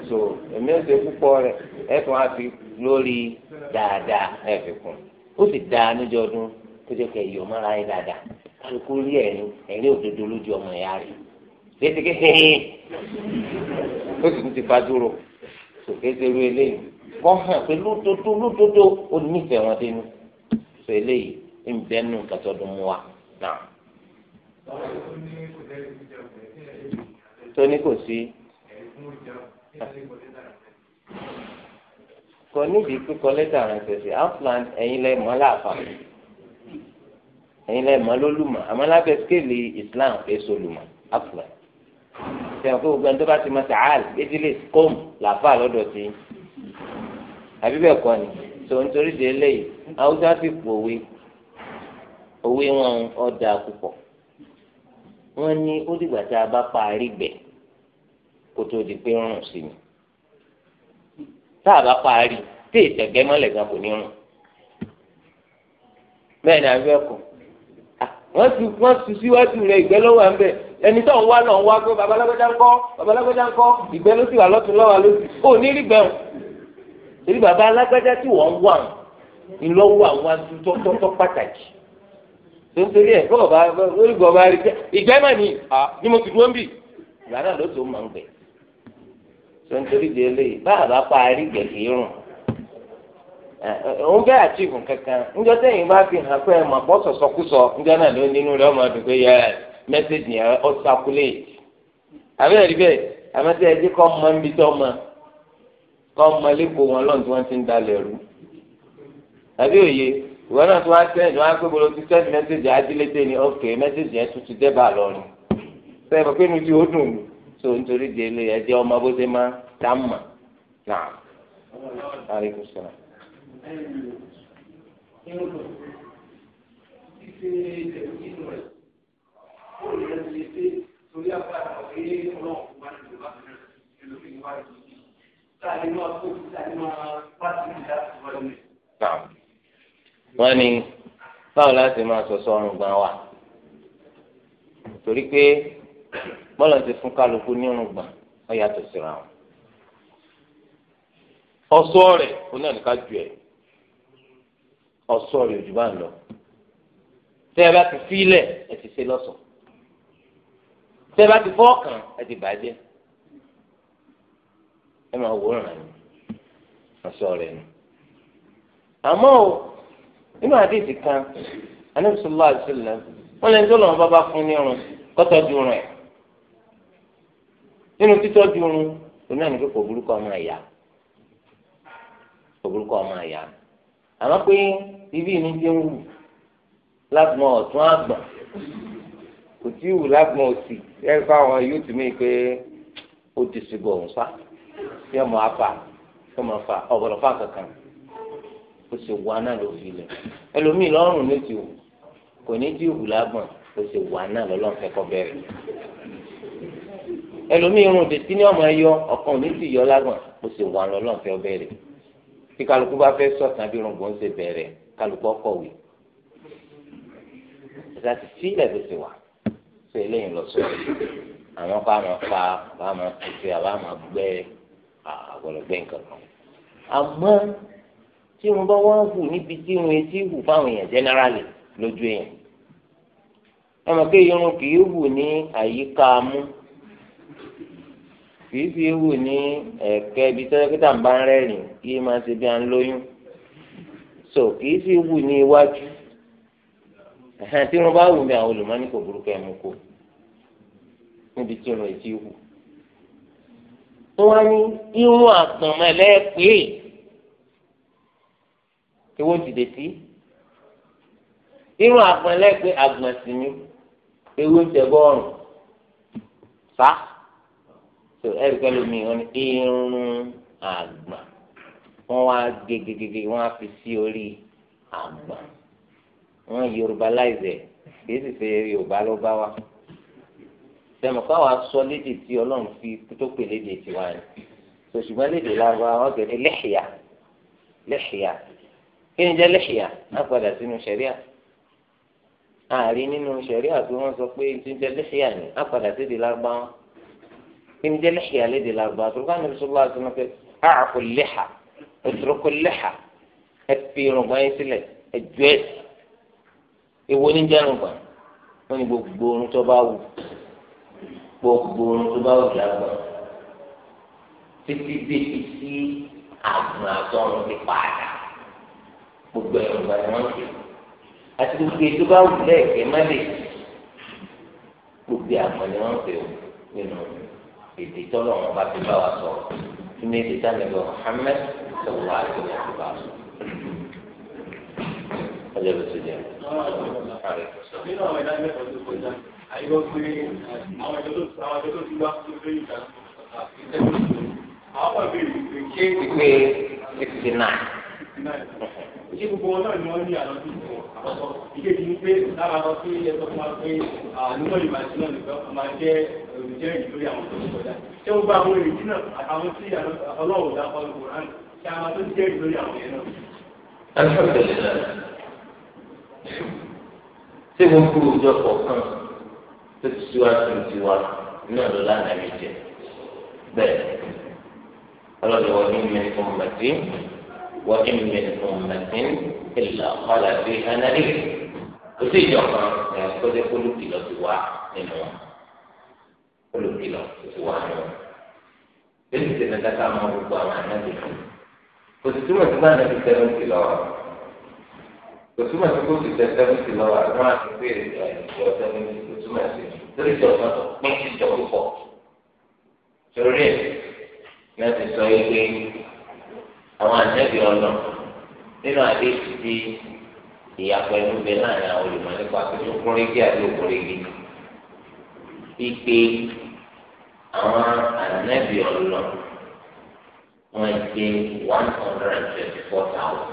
Speaker 1: so èmi ò ṣe púpọ̀ rẹ̀ ẹ̀ tún á fi lórí dáadáa ẹ fi kún ó sì dáa níjọ ọdún tó jẹ́ kẹ́ ìyọ̀ mọ́ra yín dáadáa kálukú rí ẹ̀rín ẹ̀rín òdodo lójú ọmọ ìyá rẹ̀ létí kékeré ó sì ti fa dúró sòkéṣe ru eléyìí kọ́ hàn pé lódodo lódodo ó nífẹ̀ẹ́ wọn dénú sọ eléyìí ń bẹ́nu kàtọ́dún mu wa náà. tóní kò sí kò nídìí kíkọ lẹ́tà ránṣẹ́ sí outland ẹ̀yin lẹ́ mọ́ láàfà ẹ̀yin lẹ́ mọ́ lólùmọ̀ àmọ́ lábẹ́ skéèlì Islam fẹ́ solùmọ̀ outland sẹ́wọ̀n pé gbogbo ẹni tó bá ti mọ sàál ìdílé kọ́m làfà lọ́dọ̀ sí àbí bẹ́ẹ̀ kọ́ ni tó ń torí de eléyìí haúsá sì pòwe òwe wọn ọ̀dà púpọ̀ wọ́n ní ó dìgbà tá a bá parí gbẹ̀ kó tó di pé rùn sí mi tá a bá parí tí ìtẹ̀gẹ́ mọ́lẹ̀ gan kò ní rùn bẹ́ẹ̀ ni àbẹ́ kọ̀ wọ́n ti wọ́n ti síwájú rẹ̀ ìgbẹ́ lọ́wọ́ à ń bẹ̀ ẹni tó ń wá náà ń wá pé babalágbẹ́dá ń kọ́ babalágbẹ́dá ń kọ́ ìgbẹ́ ló sì wà lọ́tún lọ́wọ́ lósì ó ní rí gbẹ̀hùn torí bàbá alágbẹ́dá tí wọ́n ń wà ń lọ́wọ́ àwọn adu tọ́tọ́tọ́ pàtàkì tó ń torí ẹ̀ kó bàbá olùgbọ̀ ìgbẹ́ mà ní ni mo ti dúró ń bì ìgbà náà ló tó máa ń gbẹ̀ẹ́ tó ń torí di eléyìí báà bá pa àárí gẹ̀gẹ̀ irun òun bẹ́ẹ̀ kankan bá fi hàn pé náà ló nínú rẹ̀ ọmọ yẹ mẹ́sẹ̀gì yẹn àbẹ́rẹ́ rí wọn lọ́nà tí wọ́n ti ń dalẹ̀ rú àbí òye ìwọ náà tí wọ́n sẹ́yìn tí wọ́n á pé bolo ti sẹ́yìn mẹ́sẹ̀gì mẹ́sẹ̀gì yẹn tuntun so nítorí délé ẹjẹ ọmọ bó ṣe máa tá a mà náà àríkù sọ̀rọ̀. wọ́n ní báwo láti máa sọ sọ́run gan wa torí pé bọ́lá ti fún kálukú ní irùngbọ̀n ó yàtọ̀ síra wọn. ọ̀ṣọ́ rẹ̀ oní ẹ̀ka ju ẹ̀ ọ̀ṣọ́ rẹ̀ ojú bá ń lọ tẹ́ ẹ bá ti fílẹ̀ ẹ ti ṣe lọ́ṣọ̀ọ́ tẹ́ ẹ bá ti fọ́ọ̀kàn ẹ ti bàjẹ́ ẹ máa wòran ni ọ̀ṣọ́ rẹ̀ ni àmọ́ o nínú àdéhìí kan anábìsọ̀lá àti sílẹ̀ wọ́n lè ń tó lọ́wọ́ bá bá fún ní irun kọ́tọ́jú rẹ̀ nínú títọ́jú oorun oní àná pé kò burúkọ ọmọ ẹ̀yà kò burúkọ ọmọ ẹ̀yà àmọ́ pé ibi ìní ti ń wù lágbọ̀n ọ̀tún àgbọ̀n kò tí ì wù lágbọ̀n òsì ẹ fáwọn yóò tún mí pé ó ti sùgbọ òun sá yóò mọ afa yóò mọ fa ọ̀bọ̀dọ̀ fa kankan ó sì wù aná ló fi lẹ̀ ẹlòmíì lọ́rùn ló ti wù kò ní tí ì wù lágbọ̀n ó sì wù aná lọ́lọ́fẹ́ kọ́ bẹ̀rẹ̀ ẹlòmíì irun dètí ní ọmọ ẹyọ ọkàn mi sì yọ lágbọ̀n mo sì wà lọ́lọ́ fẹ́ bẹ̀rẹ̀ tí kálukú bá fẹ́ sọ̀tàn bí irun gbọ̀n ṣe bẹ̀rẹ̀ kálukú ọkọ̀wé ẹ̀dá ti fi ilẹ̀ bẹ̀sẹ̀ wà ṣe eléyìí lọ sọ̀rọ̀ àwọn bá máa fa bá máa tètè àbá máa gbẹ àgbọ̀lọ̀gbẹ́ nǹkan kan àmọ́ tí wọn bá wá hù níbi tí wọn etí hù fáwọn èèyàn jẹ́nẹ́rálì lójú èèyàn ẹ mọ̀ pé irun kì í hù ní àyíká mú kìí fi wù ní ẹ̀kẹ́ ibi tẹ́lẹ̀ kí tàǹbà ń rẹ́rìn kí máa ṣe bí à ń lóyún so kìí fi wù ní iwájú ẹ̀hẹ́n tí wọ́n bá wù mí àwọn olùmọ́ni kò burúkú ẹ̀ mú kó níbi tí wọ́n ti wù. wọ́n ní irun àtànmọ́lẹ́ pé ewo ti dé sí irun àtànmọ́lẹ́ pé àgbọ̀nsìn ni ewo ń tẹ̀ bọ́ọ̀rùn sá. So, tó ẹ̀rí pẹ́lú mi wọ́n ní irun àgbọ̀n wọ́n wá gegegege wọ́n á fi sí orí àgbọ̀n wọ́n yorùbá láìsẹ̀ kì í sì ṣe yorùbá ló bá wa sẹ́mi ká wàá sọ léde tí ọlọ́run fi tó pè léde tiwa ni tó ṣùgbọ́n léde lára wọn gẹ̀ẹ́dẹ́ lẹ́hìá lẹ́hìá kí ni jẹ́ lẹ́hìá á padà sínú sẹ̀ríà àárín nínú sẹ̀ríà tí wọ́n sọ pé ti ń jẹ́ lẹ́hìá ni á padà sí di wọn. إن دي لحية لدي الأربعة وكان النبي صلى الله عليه وسلم أعفوا اللحى اتركوا اللحى أتفي ربعين سلة الجويس إيوه نجي ربعين wọ́n ní gbogbo ohun tó bá wù gbogbo ohun tó bá wù lágbà títí débi sí àgùn àtọ́run ti pààdà gbogbo ẹ̀rùngbà ni wọ́n ti àti gbogbo ètò bá wù lẹ́ẹ̀kẹ́ má lè gbogbo àgbọ̀n ni wọ́n ti nínú ọ̀hún èdè tọ́lọ̀ wọn bá ti bá wa sọ̀rọ̀ tí ní èdè tánàbí Muhammad sọ̀rọ̀ àti ní bá a sọ̀rọ̀. ọjọ́ bó ti jẹ́ àwọn ìdánilẹ́kọ̀ọ́ tó tó ti wá tó fẹ́ ìjà àwọn ọmọ ìbéèrè pé ṣé. ìpè sixty nine ṣé gbogbo wọn náà ni wọ́n ní àlọ́ sí àkọ́kọ́ ìkejì ni pé lára lọ sí ẹ̀sọ́ fún wa pé àlùmọ́ ìmọ̀ àti náà nìkan máa jẹ́ olùjẹ́ ìlú àwọn tó ń kọjá ṣé gbogbo àwọn èrèjì náà àtàwọn tí ọlọ́run dá kọ́ rán ṣé a máa tó jẹ́ ìlú àwọn yẹn náà. ṣé gbogbo ìjọ kọ̀ọ̀kan tó ti síwájú tiwa náà ló lánàá mi jẹ bẹ́ẹ̀ ọlọ́run wọn ní وإن من أمة إلا قال فيها نذير òsì ìjọba ẹ kọjá kólùkìlọ ti wá nínú wọn kólùkìlọ ti wá nínú wọn bẹ́ẹ̀ ti tẹnudá ká mọ̀ gbogbo àwọn anábì fún òsì túmọ̀ sí náà nàbì tẹnu ti lọ wa òsì túmọ̀ sí kó ti tẹ tẹnu ti lọ wa wọn á ti pé ẹ ìjọ tẹnu ti túmọ̀ sí torí ìjọba tó pín ìjọ púpọ̀ torí ẹ náà ti sọ yìí pé àwọn ànábì ọlọ nínú àdéhùn tí ìyàpọ̀ ẹnu bẹ láàrin àwọn olùmọ̀ nípa pẹ̀lú kúnrégé àti òkúnrégé pípé àwọn ànábì ọlọ wọn jẹ one hundred and twenty four thousand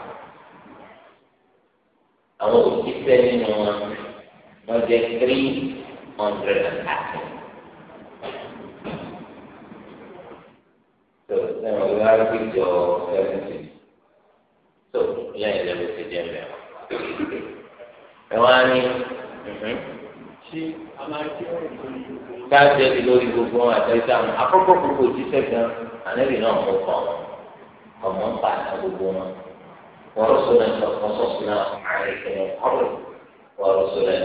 Speaker 1: àwọn òkúta nínú wọn wọn jẹ three hundred and thirty. arabic jọ everything so ìyá yẹn lẹ́nu ti jẹ́ mẹ́wàá mẹ́wàá ni mhm. káàtì ẹ̀dì lórí gbogbo wọn àtẹ̀sẹ̀ àwọn akọ́kọ́ gbogbo òjíṣẹ́ gan ànẹ́bì náà mú kàn ọmọ ń pa àná gbogbo wọn wọ́n sọ̀rọ̀ ẹ̀ lọ́kọ́ sọ̀sọ̀ náà àárẹ̀ kẹ́lẹ́ ọ̀rọ̀ wọ́n sọ̀rọ̀ ẹ̀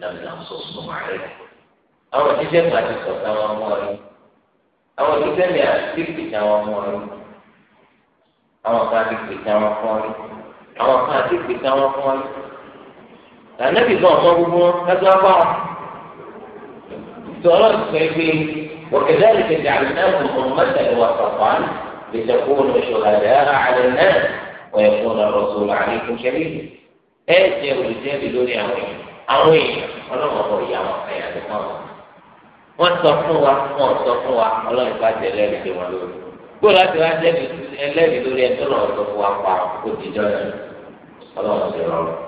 Speaker 1: lọ́mìnà sọ̀sọ̀ àárẹ̀ àwọn òjíṣẹ́ kan ti sọ̀tà wọn mọ́ ọ àwọn olùdẹ́mi àti pèjà wọn fún ọ rí àwọn kan àti pèjà wọn fún ọ rí àwọn kan àti pèjà wọn fún ọ rí ànábì náà mọ gbogbo wọn lọ́jọ́ bá wọn ìtọ́lọ́ sọ pé wọ́kẹ́dá ìkẹjà àbíná fún ọmọdé wà pàpà lẹ́sẹ̀kọ́ ọ̀ṣọ́gàdá àlẹ́ náà wọ́n yẹ fún ọ̀rọ̀ sọ̀rọ̀ àlékún ṣẹlẹ̀ ẹ̀ jẹ́ olùdẹ́mi lórí àwọn èèyàn àwọn èèyàn ọlọ́mọ wọ́n sọ fún wa wọ́n sọ fún wa ọlọ́run bá jẹ ẹlẹ́rìí lé wọn lórí gbọ́dọ̀ láti wá jẹ́ ẹlẹ́rìí lórí ẹjọ́ náà sọ fún wa pa òdìjọ́ náà ọlọ́run ti rọrùn.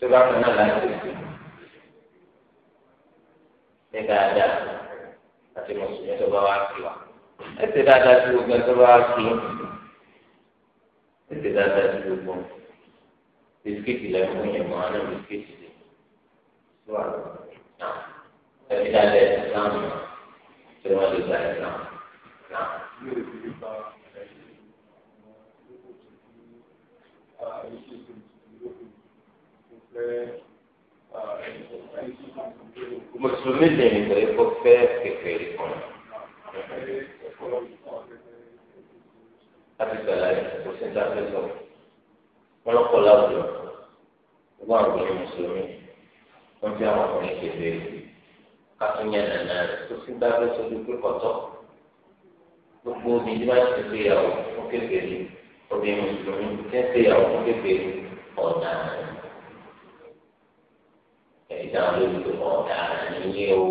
Speaker 1: Sebab kenal lah Ini keadaan àti mùsùlùmí tó bá wá sí wa ẹsẹ̀ dáadáa sí gbogbo ẹni tó bá wá sí ẹsẹ̀ dáadáa sí gbogbo bisikíìtì lẹ fún yẹn mọ àná bisikíìtì lẹ tó wà náà
Speaker 2: ẹni dáadáa ẹsẹ̀ náà mọ
Speaker 1: tí wọn lè gba ẹsẹ̀ náà náà. Thank you. Musulmi lèmìtò epo fẹ́ kékeré kan. Láti gbàlá yìí, kò sí níta fẹ́ sọ. Wọ́n lọ́kọ̀ láwùjọ. Wọ́n àwọn obìnrin Mùsùlùmí. Wọ́n eu àwọn ọkùnrin kékeré. Káfíń yẹn nàná rẹ̀. Kò vou níta fẹ́ sọ wípé kọ̀tọ́. Gbogbo obìnrin tí wọ́n ti gbéyàwó fún kékeré. Obìnrin Mùsùlùmí ti ń gbéyàwó fún kékeré. Ọ̀nà rẹ̀. ìdáhùn lórí tó kọ̀ ọ̀daràn níyé o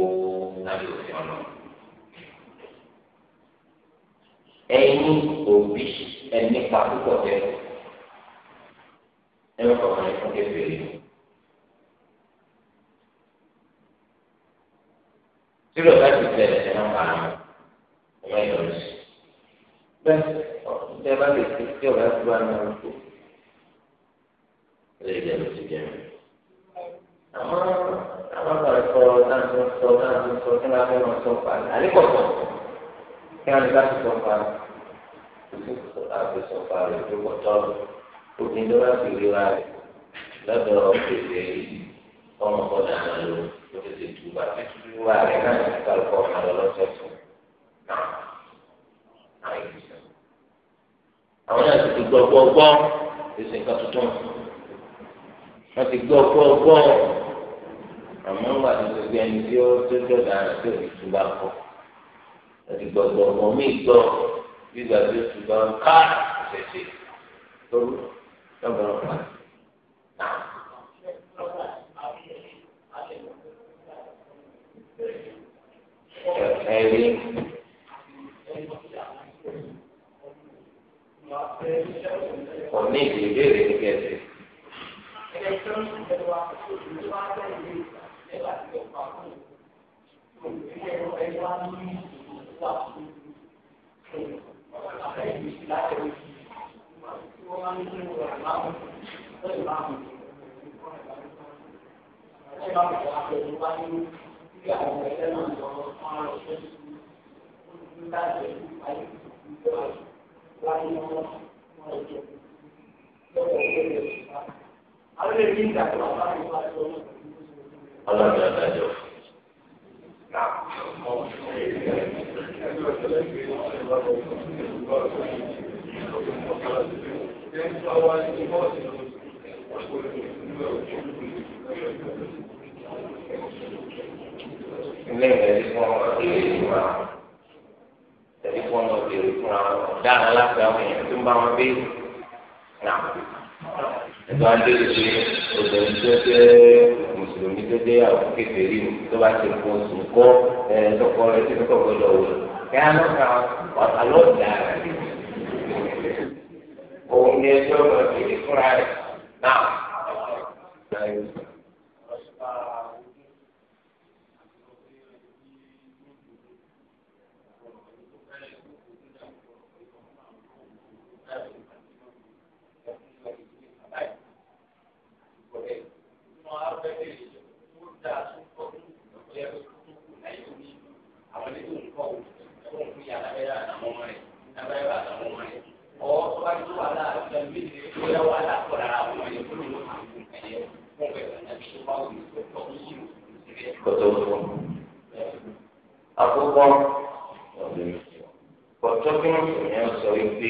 Speaker 1: lábẹ́ òfin ọ̀nà. ẹ̀yin òbí ẹni pa púpọ̀ jẹ́ ẹ̀rọ kọ̀ọ̀kan ẹ̀fọn kékeré. tí lọ́ba ti bẹ̀rẹ̀ ẹ̀ náà pa á ọmọ ẹ̀yọ́ rẹ̀ sí. bẹ́ẹ̀ ọ̀tún tẹ́ bá lè fi tí ọ̀gá ti bá náà rẹ̀ ẹ̀ lè jẹ́ lọ́sibí ẹ̀rọ. fẹ́ máa sọ nǹkan rẹ̀ àníkọ̀tọ̀ kí wọ́n ní ká ti sọ nǹkan rẹ̀ kò sí àti sọ nǹkan rẹ̀ tó kọ̀ tọ́ obìnrin tó bá fi ríra rẹ̀ lọ́dọ̀ òkèèrè ọmọ ọ̀dà náà ló ló fi ṣe túbà túbà rẹ̀ náà ní kálukọ́ máa lọ lọ́sẹ̀ fún náà àwọn náà ti ti gbọ́ gbọ́ gbọ́ èsì nǹkan tuntun wọ́n ti gbọ́ gbọ́ gbọ́ àmọ́ wà ní gbogbo ẹni tí ó tó jọ̀dá rẹ̀ tó fi túbà kọ́ àti gbọ̀gbọ̀ ọmọ mi gbọ́ gbígbà tó túbà ń ká ṣẹ̀ṣẹ̀ tó lọ́bọ̀rọ̀ pa. ẹ̀rí òní ìbéèrè ní kẹsì. Ọlọ́run ọ̀dájọ́ ilé ìrẹ̀lẹ̀ fún ọmọ ìrẹ̀lẹ̀ ìmọ̀ àwọn tẹ̀lé fún ọmọ ìrẹ̀lẹ̀ fún àwọn ọ̀daràn aláfẹ́ ẹgbẹ́ adéṣe obìnrin tó jẹ́ mùsùlùmí tó jẹ́ àwọn kékeré tó bá ti kó oṣù kọ́ ẹ̀ lọ́kọ rẹ̀ tí lọ́kọ̀ gbọ́dọ̀ wò kí á lọ́ ka ọ̀tà lọ́ dà rẹ̀ òun ni ẹjọ́ ọ̀gbìn fúnra rẹ̀ náà. wá ju wàhálà àtẹ̀lé ìgbéyà wàhálà kọ̀ọ̀dà àwọn ènìyàn kúrò ló máa ń kú ẹ̀yẹ fún bẹ̀rẹ̀ ẹ̀mí tó bá wù ú tó ń yí kótó fún akókó kótó kí wọn fi yẹn sọ wípé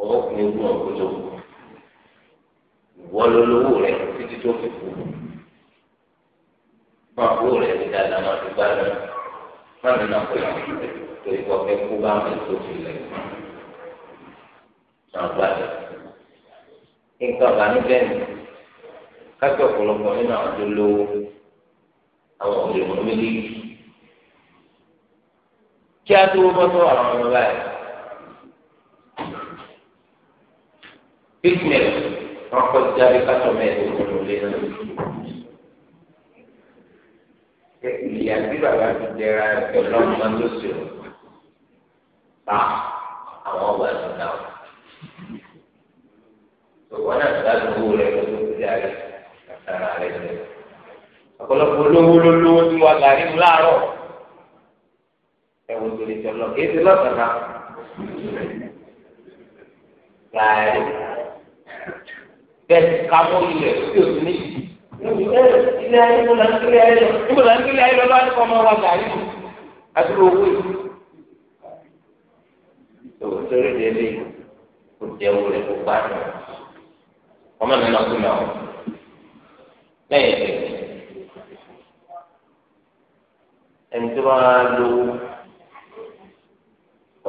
Speaker 1: owó kún ewu ọgbọdọ ìwọ lólówó rẹ títí tó fi kú máa kú rẹ ní dáadáa máa fi gbádùn máa nínú àpò ìlànà tó ìkọ̀kẹ́ kú bá mi tó fi lẹ́yìn náà gbàgbé nǹkan àbánújẹ́ ni kájọ ọ̀pọ̀lọpọ̀ nínú àwọn tó lówó àwọn òde mọ méjèèjì kí á tó bọ́tọ̀ àwọn ọmọ báyìí pigment wọn kọ jáde kájọ mẹ́rin tó lò lé náà ìyá tí bàbá ti jẹra ẹ̀ lọ́mọ lóṣù pa àwọn ọgbà tó dáwọ́ wọn náà dá lówó rẹ lọ́dún ìdílé ayé àtàrà rẹ jẹ ọ̀pọ̀lọpọ̀ olówó ló lówó tí wọn gàrí mu láàárọ̀ ẹ̀wọ̀n tó lè jọ lọ kí ẹsẹ̀ lọ́sàn án gàrí bẹ́ẹ̀ kámọ́ ilẹ̀ tí o ti ní ilé ayé mo là ń kílé ayé lọ níbo là ń kílé ayé lọ lọ́wọ́ nípa ọmọ wa gàrí mu àdúró owó yìí. tòun tó rí ni eléyìí kò jẹ́wó rẹ̀ kó gbádùn ọmọ mi náà kú náà lẹ́yìn ìgbẹ́ ẹni tó bá lówó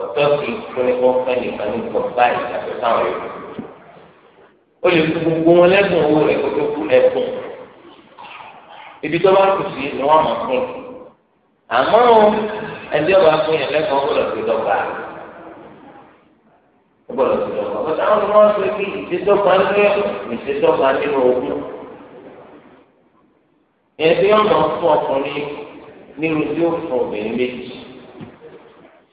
Speaker 1: ọ̀tọ́ kì í fún ní wọ́n fẹ́ nìkan ní nǹkan báyìí àti táwọn yòókù ó lè fi gbogbo wọn lẹ́bùn owó rẹ̀ kó tó kú ẹ̀bùn ibi tó bá kù sí ni wọ́n mọ̀ fún un àmọ́ ẹni tí ọba fún yẹn lẹ́kọ̀ọ́ kó lọ sí dọ́gba rẹ̀ gbọ́dọ̀ ti dọ́gba bọ́tà àwọn ọmọ wọn pé kí ìṣèdọ́gba ní ìṣèdọ́gba nínú ogún ìyẹn tí wọn máa fún ọkùnrin nírú tí ó fún obìnrin méjì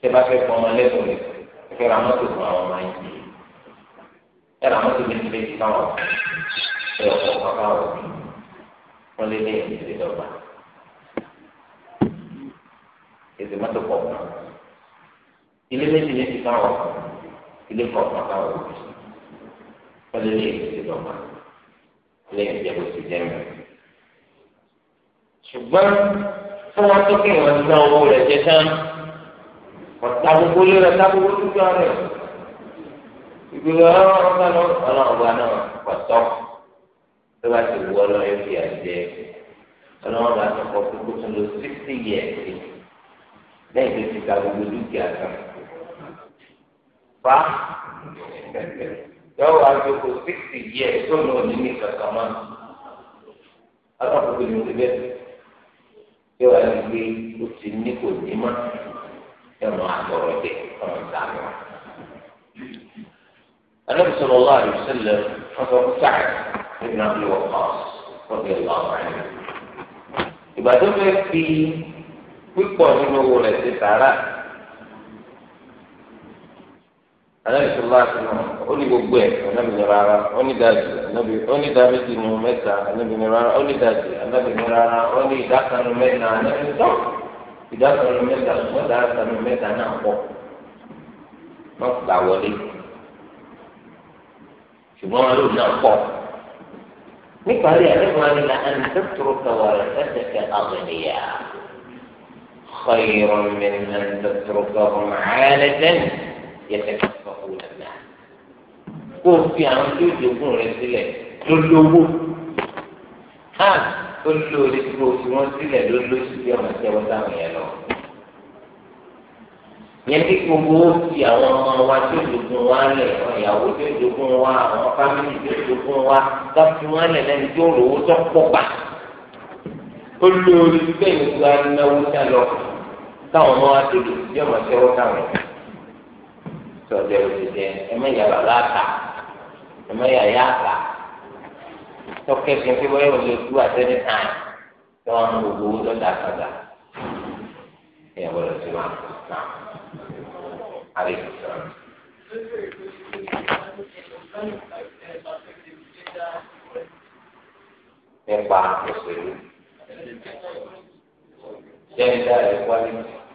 Speaker 1: ṣé bá fẹ́ fún ọmọ lẹ́sùn rẹ̀ ẹ̀fẹ́ ra mọ́tò fún àwọn ọmọ yìí ẹ̀rọ àwọn tó méjì méjì káwọn ẹ̀rọ ọ̀pọ̀ káwọn wọn lé ní ìṣèdọ́gba èsì mọ́tò pọ̀ kan ilé méjì méjì káwọn ilé kọ̀ọ̀kan káwọn òbí wọ́n lé lẹ́yìn tó ti dọ̀gba lẹ́yìn tó ti jẹ́ mi. ṣùgbọ́n fún wọn tó kí wọn san owó rẹ̀ jẹ tán ọ̀tá gbogbo lé rẹ̀ tá gbogbo dúdú rẹ̀ ìgbìmọ̀ ọlọ́run bá lọ ọlọ́run bá náà pọ̀tọ́ tó bá ti wú ọlọ́run fi àjẹ ọlọ́run bá tó kọ́ gbogbo tó lọ sixty years lẹ́yìn tó ti ta gbogbo dúkìá kan fa yọ̀wọ̀ àjòkò sixty years tó ní òní ní kankan mọ́ alákòókò ni mo ti bẹ́ẹ̀ yọ̀wọ̀ àjòkò ó ti ní kò ní mọ́ yọ̀wọ̀ àtọ̀rọ̀ jẹ ọmọ ìdáná. النبي صلى الله عليه وسلم حضر سعد بن ابي وقاص رضي الله عنه يبقى ده في كل قانون هو لسه anabi sọlá sọlá ó ní gbogbo ẹ anabi ní rárá ó ní dájú anabi ó ní dá méjì nù mẹ́ta anabi ní rárá ó ní dájú anabi ní rárá ó ní ìdákanu mẹ́ta anabi ní tọ́ ìdákanu mẹ́ta ṣùgbọ́n ìdákanu mẹ́ta náà pọ̀ wọ́n gbà wọlé ṣùgbọ́n wọn lòun náà pọ̀ níparí àdéhùn wa ni la ẹni tó tóró kẹwàá ẹsẹ̀ kẹ àgbẹ̀nìyà خير من أن تتركهم عالة يتكلم kú nàná kó o fi àwọn tí ó jogún rẹ sílẹ̀ ló lówó hàn ó lóore tí o fi wọn sílẹ̀ ló lóṣù bí ọmọ ìjẹun táwọn yẹn lọ yẹn tí gbogbo ó fi àwọn ọmọ wa tí ó jogún wa lẹ̀ àwọn ìyàwó tí ó jogún wa àwọn fámìlì tí jogún wa ká fi wọn lẹ̀ lẹ́ni tí ó rówó tó pọ̀ gbà ó lóore bẹ́ẹ̀ ni wọ́n á náwó sálọ káwọn ọmọ wa tó lòdì sí ọmọ ìjẹun táwọn yẹn tí ọjọ́ ìwé jẹ ẹ mẹ́yà bàbá àtà ẹ mẹ́yà yá àtà tọ́kẹ́ fi fi wáyé wọlé tú àtẹ́ni táì tí wọ́n mú gbogbo owó lọ́dà padà ẹ̀yà bọ̀dọ̀ sí wa náà àlè kò sọ. Nípa òṣèlú jẹ́ ìdá ẹ̀kọ́ ní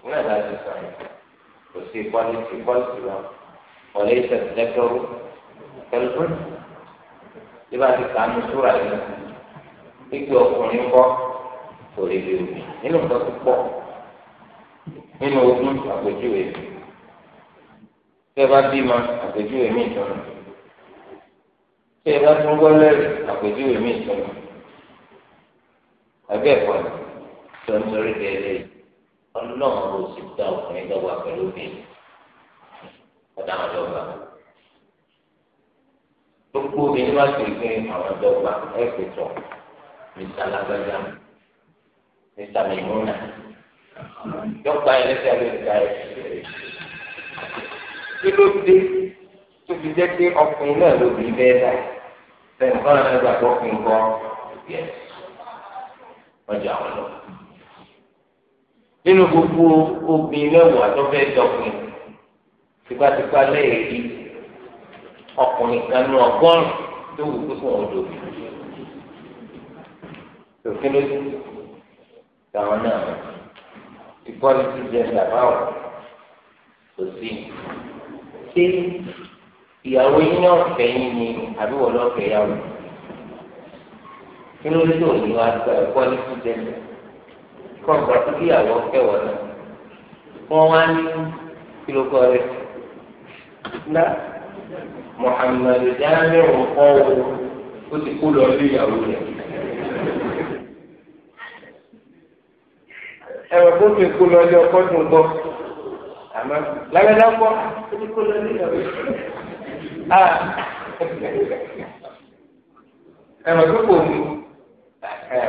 Speaker 1: ìlànà ìsọ̀rọ̀ kò sí ìkọ́ni ìkọ́ni ìlànà. وليس الذكر كالأنثى يبقى في كانوا سورة ikpe ọkùnrin kọ kò lè lè omi nínú nǹkan tó pọ̀ nínú ogún àpèjúwe tẹ bá bímọ àpèjúwe mi ìtọ́nà tẹ bá tún gbọ́ lẹ́rìí àpèjúwe mi ìtọ́nà àbí ẹ̀kọ́ tó ń torí délé ọlọ́run ló sì dá ọkùnrin dọ́gba pẹ̀lú obìnrin ọ̀daràn dọ́gba gbogbo obìnrin wá sí pé àwọn dọ́gba ẹ̀kọ́ tọ̀ mr lágbájá mr mẹmúnà dọ́gba yẹn lẹ́sẹ̀ ló ń ga ẹ̀ kí ló dé tó fi jẹ́ pé ọkùnrin náà ló bí bẹ́ẹ̀ dà sẹ́yìn kọ́ra náà gbà tó kún kọ́ yẹ ọjà wọn lọ nínú gbogbo obìnrin mẹ́wàá tó fẹ́ dọ́kùnrin tipátipá lẹ́yìn ọkùnrin kan ní ọgọ́rùn tó wù kó fún ọdọ òfin ló ti tàwọn náà ìkọ́ni ti jẹ ìdàbáwọ̀ kò sí ṣé ìyàwó yín ọ̀fẹ́ yín ni àbí wọ́n lọ́fẹ̀ẹ́ yàwó kí ló dé òní wa gba ẹ̀kọ́ ní ti jẹ kọ́ tó kíyàwó ọ̀fẹ́ náà wọ́n wá ní kí ló kọ́ rẹ̀ ná Muhammadu Jami ọkọ wo ó ti kú lọ sí ìyàwó rẹ̀. ẹ̀rọ kó ti kú lọ sí ọkọ tó ń bọ̀ àmọ́ lágbàdá ń bọ̀ ó ti kú lọ sí ìyàwó rẹ̀ ẹ̀rọ tó kò mú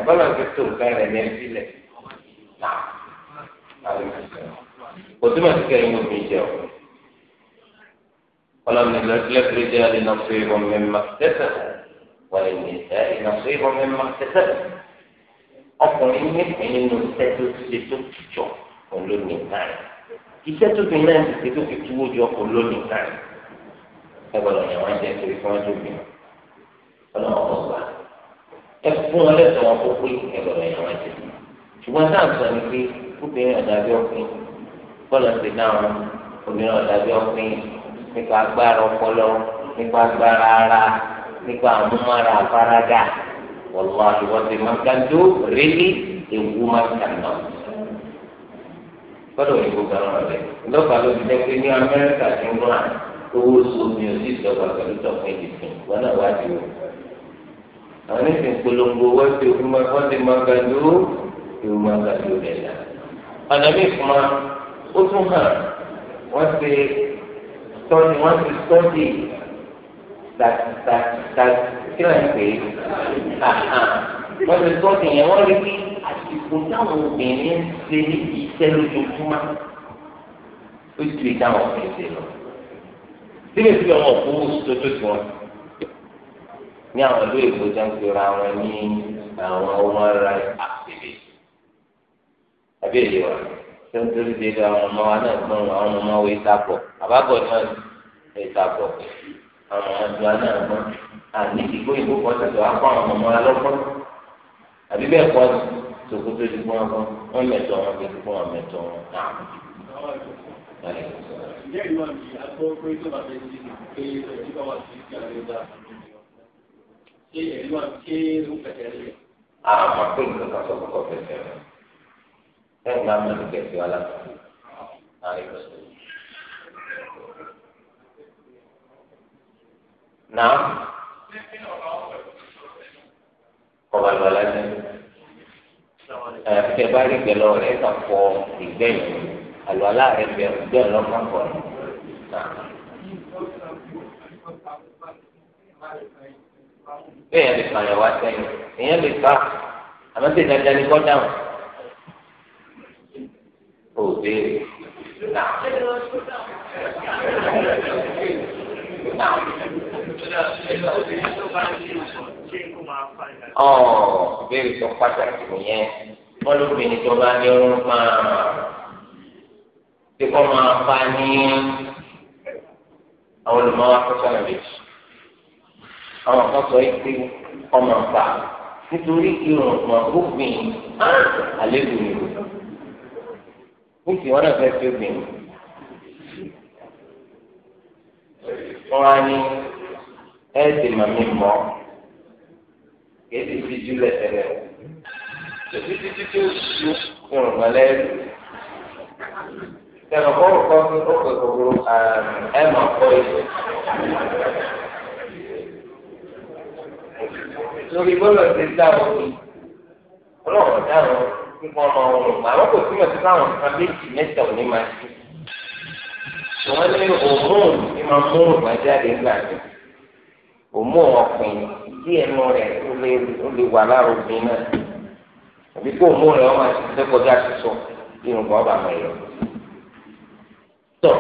Speaker 1: bọ́lá ti tó nǹkan ní ẹbí lẹ̀ náà kò túmọ̀ sí kẹ́yìn omi jẹun. ولم للرجال نصيب مما اكتسبوا وللنساء نصيب مما اكتسبوا ọkùnrin nípìn nínú iṣẹ́ tó ṣe tó jọ olómi náà iṣẹ́ tó fi náà ṣe tó fi túwó jọ olómi náà ẹ gbọ́dọ̀ yẹn wọ́n jẹ́ torí kí wọ́n tó bì ọ́nà ọ̀gbà ẹ fún wọn lẹ́sọ̀ wọn kó pé ẹ gbọ́dọ̀ yẹn wọ́n jẹ́ ṣùgbọ́n táà sọ ni pé obìnrin ọ̀dàbí ọkùnrin bọ́lá ti náà obìnrin ọ̀dàbí ọkùnrin nípa agbára ọpọlọ nípa agbára ara nípa àmúmára àfaradà wàlúwàlú wọn ti máa ń tó rélé ewu máa ń kàná gbọ́dọ̀ òyìnbó gbàrán rẹ lọfà ló ti jẹ ní Amẹ́ríkà ti ń rán owó sómi ò sì pẹ̀lú tọkùn ìdìbò wọn náà wá di o àwọn oníṣẹ́ ìpolongo wọn ti ewu máa wọn ti máa ga tó ewu máa ga tó rẹ la ọ̀nà mi fún wa ó tún hàn wọ́n ti tó ni wọ́n ti sọ́ọ̀dì kí ló ń pè é wọ́n ti sọ́ọ̀dì yẹn wọ́n rí bí àsìkò táwọn obìnrin ń ṣe ní iṣẹ́ lójoojúmọ́ ó ju ìdáhùn ọ̀fìn ṣe lọ. síbẹ̀síbẹ̀ wọn kò wù tó tó tiwọn ní àwọn ìlú èkó jẹ́ ń pera wọn ní àwọn human rights activists àbí èyí wa tó ń torí de àwọn ọmọ wa náà gbọ́n àwọn ọmọ wa ìta pọ̀ àbábọ̀ ni wọ́n ti ìtàbọ̀ àwọn àjọ náà mọ́ àní ìgbó ìbò kan tètè wá kọ́ àwọn ọmọ alọ́gbọ́n àbí bẹ́ẹ̀ kọ́ ni sokoto ti fún wọn kan wọn kò fún wọn mẹ̀tọ́ wọn náà. Ìjẹ́ ìwà náà
Speaker 2: kọba lọla ní
Speaker 1: ẹ bá rí gbẹlọ rẹ ká fọ ìgbẹ yìí àlọlá rẹ bẹ ọgbẹ ọlọpàá kọ náà. bẹ́ẹ̀ lè fààyàn wá sẹ́yìn èèyàn lè fa àmọ́ tí ni kọ́ dáhùn. ò béèrè náà. náà ọ ìbéèrè tó pàtàkì nìyẹn wọn lóbìnrin tó bá ní irun máa tí kò máa fa ní àwọn olùmọwà sọsọlá méjì àwọn kan sọ pé ọmọ nfa nítorí irun ọmọ ògbìn àlébù ni nítorí wọn náà fẹẹ fi obìnrin wọn á ní ẹ ti mà mí mọ kéde fíjú lẹsẹrẹ o tòbí títí tí ó su irun mọlẹ tẹnu kọ kọ ó pè kòkòrò ẹ mà kọ ìlú lórí bọ́lọ̀ ti dá òkú
Speaker 2: ọlọ́run dáhùn
Speaker 1: nípa ọmọ ọrùn àwọn kò túmọ̀ sí káwọn kan méjì mẹ́ta ò ní máa ṣe wọ́n ní òórùn ní máa mú òórùn máa jáde ńlá yìí òmù ọ̀pìn tí ẹnu rẹ̀ ó lè wà lára obìnrin náà àbí kó òmù rẹ̀ ọmọ àtúntò kọjá sísọ kí nǹkan ọba mọ̀ ẹ̀yọ. tọ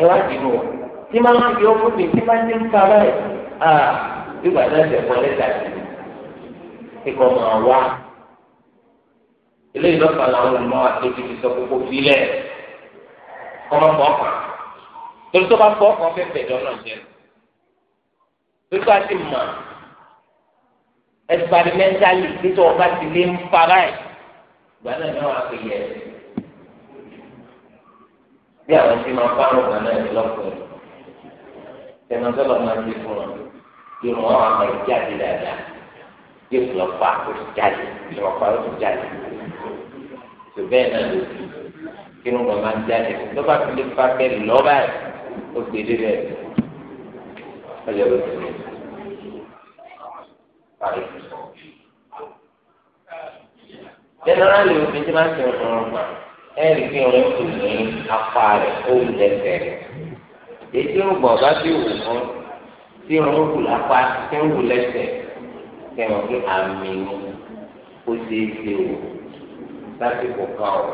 Speaker 1: ẹ wá dì mú tí máa ń fi ọkọ mi tí máa ń ní nípa báyìí à ìgbà náà ṣe pọn lẹ́tà sí i kíkọ́ máa wá eléyìí lọ́kàn làwọn olùmọ̀ àtòjú ti sọ pé kó fi lẹ̀ kọ́ máa fọ́ ọkàn torí tó bá fọ́ ọkàn fẹ́ẹ́ fẹ́ dọ́nà jẹ́ pípa ti mọ̀ experimentally títí ọba ti lé ń fara ẹ̀ ìgbà náà ni wọ́n á fi yẹ ẹ̀ bí àwọn ti máa bá ọgbà náà ní lọ́pọ̀ ẹ̀ tẹnudọ́lọ́ máa ti fún wọn irun wọn àwọn ọmọ ìjáde dáadáa yóò fi lọ pa oṣù jáde lọ pa oṣù jáde tó bẹ́ẹ̀ náà ló fi kí ló máa ń jáde lọ́ba fi lè fa kẹ́lì lọ́ba ẹ̀ ó gbé dé bẹ́ẹ̀ ọjọ́ bẹ́ẹ̀ parí sísọ. jẹnẹrali òfin tí máa ń sọ̀rọ̀ ọ̀rọ̀ gbà ẹ̀rì fi ọ̀rẹ́ kù ní apá rẹ̀ òun lẹ́sẹ̀ rẹ̀. ètí ògbà ọ̀gá bí wù fún tí òun kù lápá tí ń wù lẹ́sẹ̀ kẹwọn pé àmì ni ó ṣe é ṣe o lásìkò kan ọ̀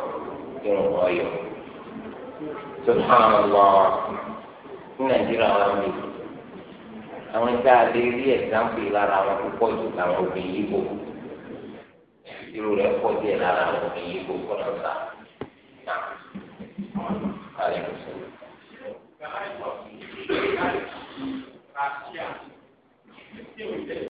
Speaker 1: kí wọ́n kọ́ yọ. sọ́kàn lọ ní nàìjíríà wọn mi àwọn ẹgbẹ́ alẹ́ rí ẹ̀dáǹpì lára àwọn púpọ̀ jù làwọn obìnrin yìí bò irú rẹ̀ pọ̀ díẹ̀ lára àwọn obìnrin yìí bò kọ́nà ta